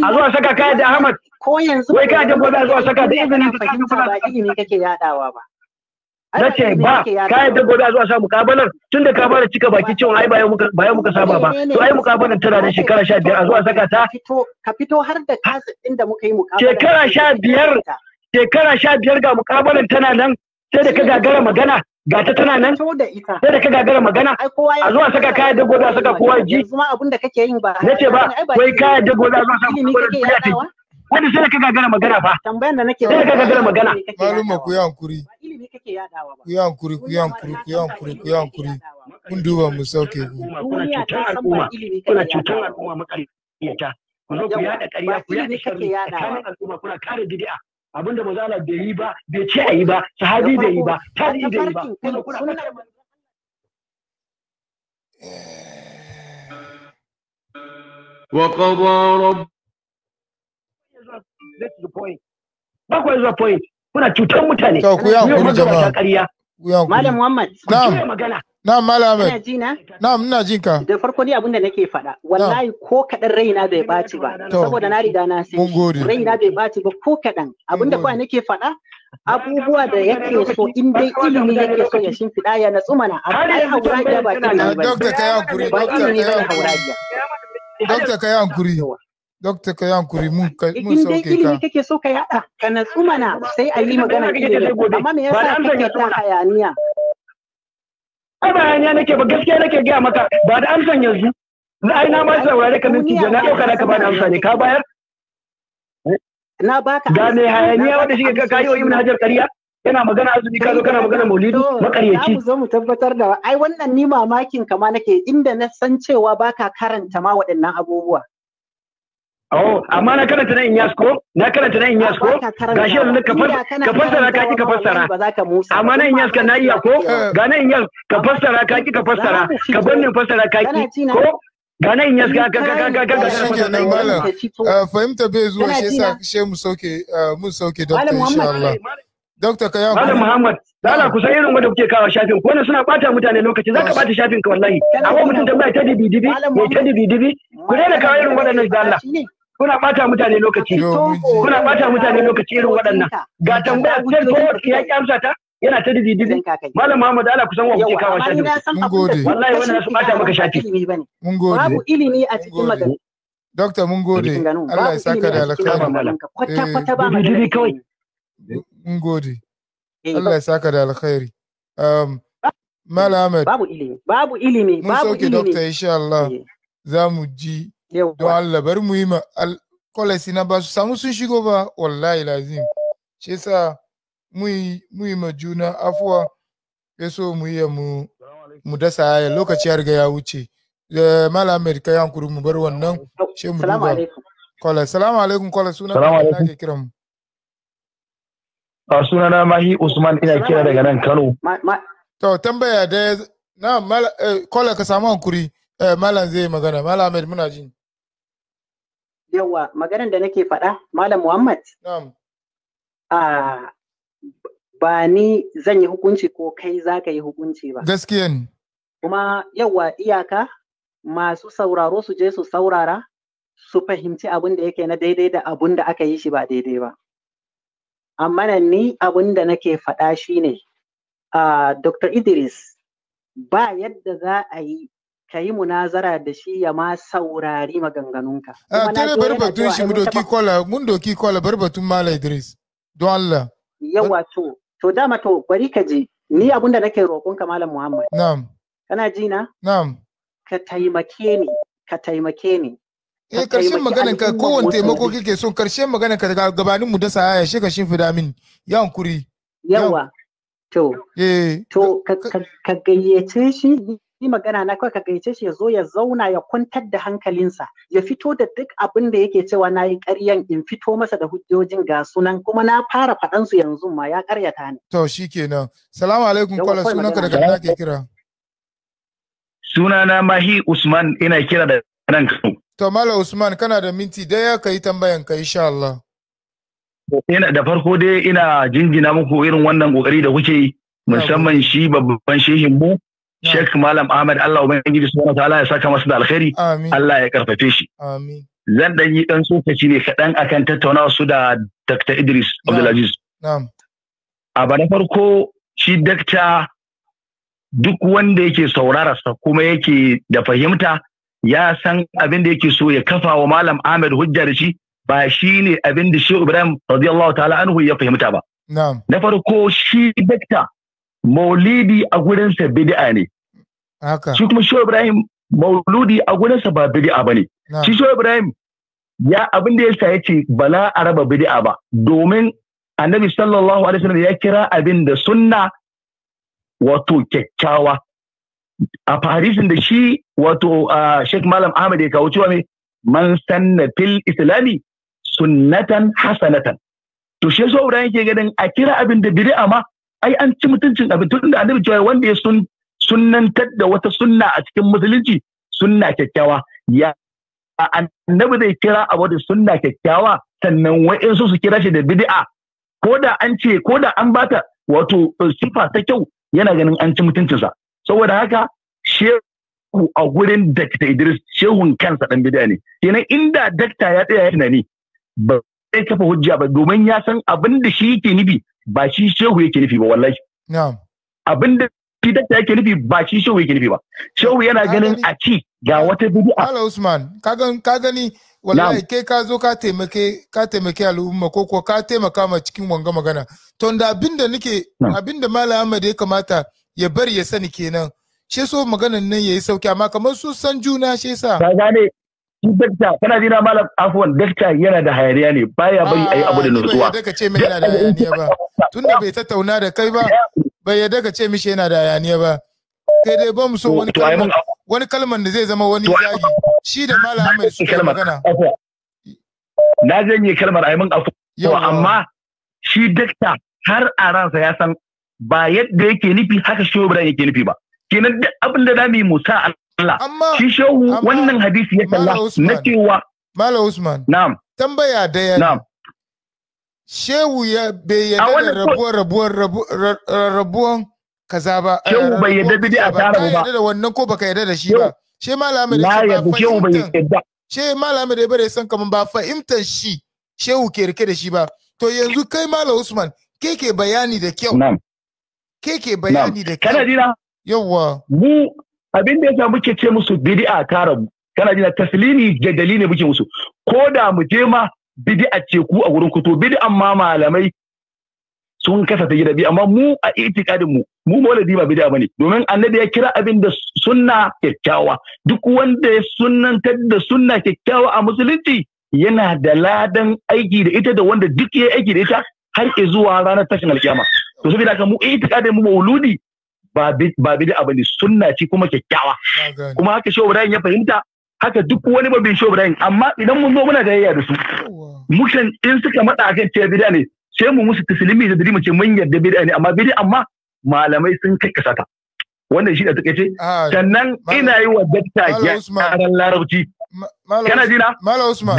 a zuwa saka kayan da Ahmad ko yanzu wai ka je gobe a zuwa saka da izinin ka fahimta kake yadawa ba na ce ba ka yadda gobe a zuwa sa mukabalar tun da ka fara cika baki cewa ai bayan muka muka saba ba to ai mukabalar tana da shekara sha biyar a zuwa saka ta ka fito har da kaset inda muka yi mukabalar shekara sha biyar shekara sha biyar ga mukabalar tana nan sai da ka gagara magana ga ta tana nan sai da ka gagara magana a zuwa saka ka yadda gobe a saka kowa ji na ce ba wai ka yadda gobe a zuwa saka kowa ji Wani sai da ka gagara magana fa tambayan da nake sai da ka gagara magana malum ku yi hankuri ilimi kake yadawa ba ku hankuri, ku yi hankuri, ku yankuri ku yankuri mun duba mu sauke ku kuna cutar al'umma kuna cutar al'umma makariyata ku zo ku yada ƙarya ku yada sharri tsakanin al'umma kuna kare bid'a abinda mazala bai yi ba bai ce a yi ba sahabi bai yi ba tarihi bai yi ba kuna kuna وقضى رب This is the point? kuna cutar mutane to ku yan kuma jama'a malam Muhammad na'am magana na'am malam Ahmed na'am ina jin ka da farko dai abinda nake fada wallahi ko kadan raina bai baci ba saboda na riga na sai raina bai baci ba ko kadan abinda da nake fada abubuwa da yake so in dai ilimi yake so ya shimfiɗa ya natsu mana a ai hauragiya ba ilimi ba dokta kai hankuri dokta kai hankuri hankuri Dokta ka yankuri mun ka mun sauke ka. Ikin dai kake so ka yada ka natsu mana sai a yi magana gobe. Amma me yasa kake ta hayaniya? Ai ba hayaniya nake ba gaskiya nake gaya maka ba da amsan yanzu. Na ai na ma saurare ka minti da na dauka na ka bani amsa ne ka bayar. Na baka. Ga me hayaniya wanda shi ka kayi wa Ibn Hajar kariya? yana magana azumi ka zo kana magana maulidi makaryaci mu zo mu tabbatar da ai wannan ni mamakin kama nake inda na san cewa baka karanta ma waɗannan abubuwa Oh, amma na karanta na Inyas ko? Na karanta na Inyas ko? Gashi yanzu ka fassara ka ki ka fassara. Amma na Inyas ka na iya ko? Ga na Inyas ka fassara ka ki ka fassara. Ka bannin fassara ka ki ko? Ga na Inyas ka ga ga ga ga ka Fahimta bai zuwa shi yasa she mu sauke mun sauke doctor insha Allah. Dokta ka yaku. Malam Muhammad, lala kusan irin wanda kuke kawo shafin ko suna bata mutane lokaci zaka bata shafin ka wallahi. Akwai mutum da bai ta dibi dibi, mai ta dibi dibi. Ku daina kawo irin waɗannan da Allah. kuna bata mutane lokaci kuna bata mutane lokaci irin waɗannan ga tambaya sai forward ya ƙi amsa ta yana ta dibi-dibi. malam Muhammad Allah kusan wa kuke kawo shadi mun gode wallahi wannan su bata maka shati mun gode babu ilimi a cikin magana Dokta mun gode Allah ya saka da alkhairi kwata kwata ba kawai mun gode eh, Allah ya saka da alkhairi um Malam Ahmed babu ilimi babu ilimi babu ilimi mun sauke dokta insha Allah eh. za mu ji Don Allah bari mu yi ma sina ba su samu sun shigo ba wallahi lazim. Shi yasa mu yi ma juna afuwa ya so mu yi mu mu dasa ya lokaci har ga ya wuce. Eh, malam Ahmed kai hankuri mu bar wannan shi mu duba. Kola, salamu alaikum kola suna da ke kiran mu. A ah, suna na Mahi Usman ina kira daga nan Kano. To tambaya da na kola eh, ka samu hankuri eh, malam zai magana malam Ahmed muna jin. yawa maganar da nake faɗa malam muhammad a ba ni zan yi hukunci ko kai za ka yi hukunci ba gaskiya ne kuma yawa iyaka masu sauraro su je su saurara su fahimci abin da yake na daidai da abin da aka yi shi ba daidai ba amma nan ni abin da nake faɗa shine a dr idris ba yadda za a yi ka yi munazara da shi ya ma saurari maganganunka. A tare barbatun shi mudoki doki kola mun doki kola barbatun Mala Idris don Allah. Yawa to to dama to bari ka je ni abin da nake roƙon ka Malam Muhammad. Na'am. Kana ji na? Na'am. Ka taimake ni ka taimake ni. Eh karshen magana ka kowanne taimako kike son karshen magana ka gabanin mu da sa ya shiga shin fidamin ya hankuri. Yawa. To, eh. to ka gayyace shi yi magana na kawai ka gaice shi ya zo ya zauna ya kwantar da hankalinsa ya fito da duk abin da yake cewa na yi ƙaryan in fito masa da hujjojin ga sunan kuma na fara faɗan su yanzu ma ya ƙaryata ni. To shi kenan. Salamu alaikum kwala ka daga ke kira. Sunana Mahi Usman ina kira da nan Kano. To Mala Usman kana da minti daya ka yi tambayan ka insha Allah. Ina da farko dai ina jinjina muku irin wannan kokari da kuke yi musamman shi babban shehin mu Sheikh Malam Ahmed Allah Ubangiji subhanahu wa ta'ala ya saka masa da alkhairi Allah ya karfafe shi amin zan dan yi dan tsokaci ne kaɗan akan tattaunawa su da Dr. Idris Abdulaziz na'am abu na farko shi dakta duk wanda yake saurararsa kuma yake da fahimta ya san abin da yake so ya kafa wa Malam Ahmad hujja da shi ba shi ne abin da Shehu Ibrahim radiyallahu ta'ala anhu ya fahimta ba. Na farko shi dakta maulidi a gurinsa bid'a ne. shi kuma shehu ibrahim mauludi a gurinsa ba bid'a bane shi shehu ibrahim ya abin da yasa yace bala a raba bid'a ba domin annabi sallallahu alaihi wasallam ya kira abin da sunna wato kyakkyawa a farisin da shi wato Sheikh Malam Ahmad ya kawo cewa me man sanna fil islami sunnatan hasanatan to shi Ibrahim ke ganin a kira abin da bid'a ma ai an ci mutuncin abin tun da annabi cewa wanda ya sun sunantar da wata sunna a cikin musulunci sunna kyakkyawa ya annabi zai kira abu da sunna kyakkyawa sannan wa'insu su kira shi da bid'a ko da an ce ko da an bata wato uh, sifa ta kyau yana ganin an ci mutuncinsa saboda haka shehu a gurin dakta Idris shehun kansa dan bid'a ne kenan inda dakta ya tsaya yana tunani, ba zai kafa hujja ba domin ya san abin da shi yake nufi ba shi shehu yake nufi ba wallahi abin da shi dakta yake nufi ba shi shehu yake nufi ba shehu yana ganin a ci ga wata bid'a Allah Usman ka gani wallahi kai ka zo ka taimake ka taimake al'umma ko ko ka taimaka ma cikin wanga magana to da abinda nake abinda malam Ahmad ya kamata ya bari ya sani kenan shi so maganan nan yayi sauki amma kamar su san juna shi yasa ka gane shi dakta kana jira malam afwan dakta yana da hayaniya ne baya bari ayi abu da ah, nutsuwa ba ce mai yana da hayaniya ba tunda bai tattauna da kai ba bai yadda ka ce mishi yana da yaniya ba kai dai ba mu so wani kalman wani kalman da zai zama wani zagi shi da malam mai su magana na janye kalmar yi mun afuwa amma shi dakta har a ransa ya san ba yadda yake nufi haka shehu Ibrahim yake nufi ba kenan duk abin da zamu mu sa Allah shi shehu wannan hadisi ya kalla na cewa Malam Usman na'am tambaya da yana. na'am shehu ya bai yadda da rabuwar rabuwar rabuwar kaza ba eh, shehu bai yadda bidi a tara ba da wannan ko baka yadda da shi ba she malami da ba shehu bai yadda she malami da bare san kaman ba fahimtar shi shehu ke rike da shi ba to yanzu kai malam usman ke ke bayani da kyau ke ke bayani da kyau kana jira yawa mu abin da yasa muke ce musu bidia a rabu kana jira taslimi jadali ne muke musu ko da mu je ma bid'a ce ku a wurin kutu. to bid'an ma malamai sun kasa ta gidabi amma mu a itikadin mu mu maulidi ba bid'a bane domin annabi ya kira abin da sunna kyakkyawa duk wanda ya sunnantar da sunna kyakkyawa a musulunci yana da ladan aiki da ita da wanda duk ya aiki da ita har zuwa ranar tashin alkiyama to saboda haka mu itikadin mu mauludi ba bid'a bane sunna ce kuma kyakkyawa kuma haka shehu Ibrahim ya fahimta haka duk wani babin shehu ibrahim amma idan mun zo muna da yayya da su mukan in suka matsa akan cewa bid'a ne sai mu musu tislimi da dirima ce mun yarda bid'a ne amma bid'a amma malamai sun kakkasa ta wannan shi da take ce ah, sannan ina yi wa dakta karan larabci kana ji na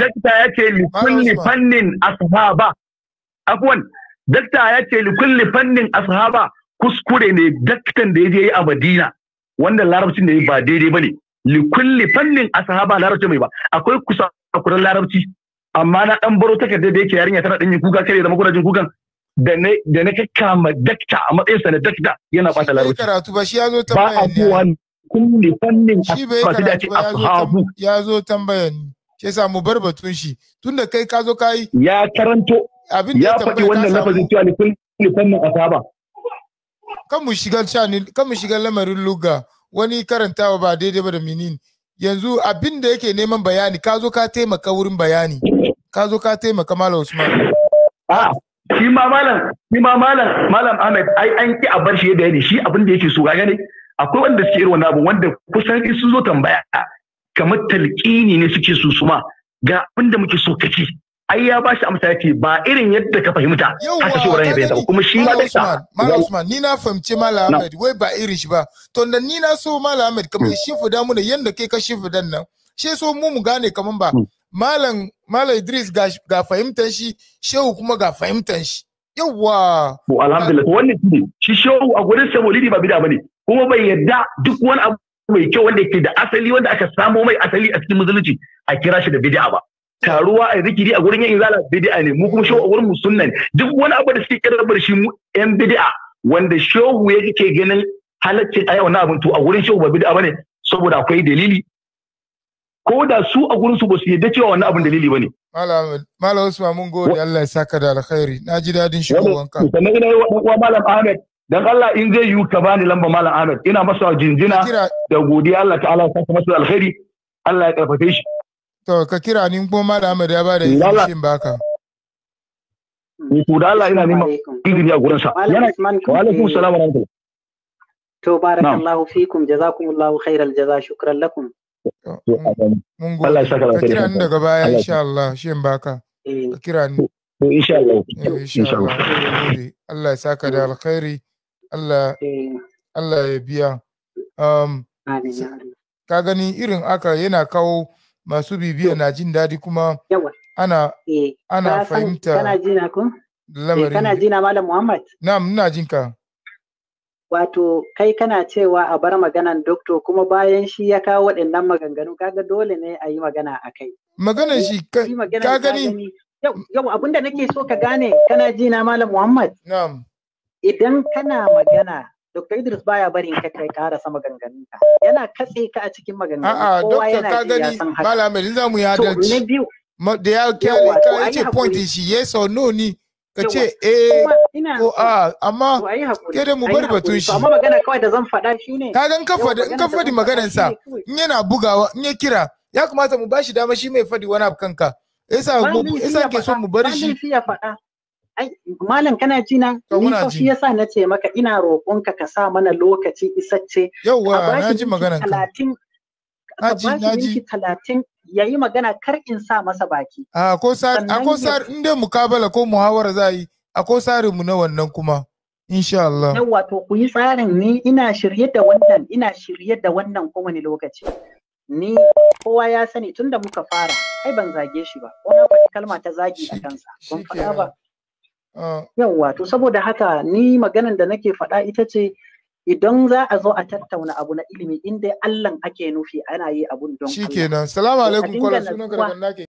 dakta ya ce li kulli fannin ashaba afwan dakta ya ce li kulli fannin ashaba kuskure ne daktan da ya je yi a Madina wanda larabcin da ya ba daidai bane li kulli fannin asahaba larabci mai ba akwai kusa kuran larabci amma na dan baro takarda da yake yarinya tana dan yin kuka kare zama kuna jin kukan da ne da ne kakkama dakta a matsayin sa na dakta yana bata larabci karatu ba shi yazo tambaya ba abuwa kulli fannin ashabu yazo tambaya ni shi yasa mu shi tunda kai ka zo kai ya karanto abin da ya faɗi wannan lafazin cewa li kulli fannin asaba kan mu shiga kan mu shigar lamarin lugha wani karantawa ba daidai ba da minin yanzu abin da yake neman bayani ka zo ka taimaka wurin bayani ka zo ka taimaka malam usman a shi ma malam shi ma malam malam ahmed ai an ki a bar shi yadda yake shi abin da yake so ga ne akwai wanda suke irin wannan abin wanda kusan in sun zo tambaya kamar talqini ne suke so su ga abin da muke so kace ai ya shi amsa yace ba irin yadda ka fahimta haka shi wurin ya kuma shi ma dakta Malam Usman ni na fahimci Mala Ahmed wai ba irin shi ba to da ni na so Mala Ahmed kamar hmm. shi fuda mu ne yanda kai ka shi dan nan shi so mu mu gane kaman ba hmm. Malam Malam Idris ga ga fahimtan shi shehu kuma ga fahimtan shi yawa to alhamdulillah wannan shi shi shehu a gurin sa maulidi ba bid'a bane kuma bai yadda duk wani abu mai kyau wanda yake da asali wanda aka samo mai asali a cikin musulunci a kira shi da bid'a ba taruwa a zikiri a gurin yin izala bid'a ne mu kuma shehu a gurin mu sunna ne duk wani abu da suke karbar shi mu yan bid'a wanda shehu ya ke ganin halaccin ayi wannan abin to a gurin shehu ba bid'a bane saboda akwai dalili ko da su a gurin su ba su yadda cewa wannan abin dalili bane malam usman mun gode Allah ya saka da alkhairi na ji dadin shigowanka sannan ina yi wa dan uwa malam ahmed dan Allah in zai yi ka bani lamba malam ahmed ina masa jinjina da godiya Allah ta'ala ya saka masa alkhairi Allah ya karfafe shi To ka kira ni kuma Malam Ahmad ya bada information baka. Ni ku da Allah ina neman izini a gurin sa. wa alaikum salam wa rahmatullah. To barakallahu fikum jazakumullahu khairal jaza shukran lakum. Mun gode. Allah ya saka Ka kira ni daga baya insha Allah shin baka. Eh. Ka kira ni. insha Allah. Eh, insha Allah. Allah ya saka da alkhairi. Allah eh. Allah ya biya. Um, ka gani irin aka yana kawo masu bibiya na jin daɗi kuma ana eh, ana fahimta kana jina ko lamarin eh, kana jina malam Muhammad na'am ina jin ka wato kai kana cewa a bar maganan dokto kuma bayan shi ya kawo waɗannan maganganu kaga dole ne a yi magana a kai maganan eh, shi ka gani yau abinda nake so ka gane kana jina malam Muhammad na'am idan kana magana Dr. Idris baya barin ka kai karasa maganganun ka. Yana katse ka a cikin maganganun. A'a, Dr. ka gani malamai za mu yi adalci. To na biyu. Da ya ke ka ya ce point shi yes or no ni. Ka ce eh ko a amma ke da mu bar batun shi. Amma magana kawai da zan faɗa shi ne. Ka ga ka faɗi in ka faɗi maganar sa in yana bugawa in ya kira ya kamata mu bashi dama shi mai faɗi wani abu kanka. Isa ke son mu bar shi. Ba ni fiya faɗa. malam kana ji na ni fa shi yasa na ce maka ina roƙonka ka sa mana lokaci isacce yauwa na ji maganar ka Haji, naji. talatin ya yi magana kar in sa masa baki. A ko sari, a ko sari, in dai mukabala ko muhawara za yi, a ko sari mu na wannan kuma. Insha Allah. Yau to ku yi tsarin ni ina shirye da wannan, ina shirye da wannan kowane lokaci. Ni kowa ya sani tunda muka fara, ai ban zage shi ba, ko kalma ta zagi a kansa, ban faɗa ba. Yawwa, to saboda haka ni maganan da nake faɗa ita ce idan za a zo a tattauna abu na ilimi in dai Allah ake nufi ana yi abun don Allah. Shikenan. Salamu alaikum kwala sunan ka da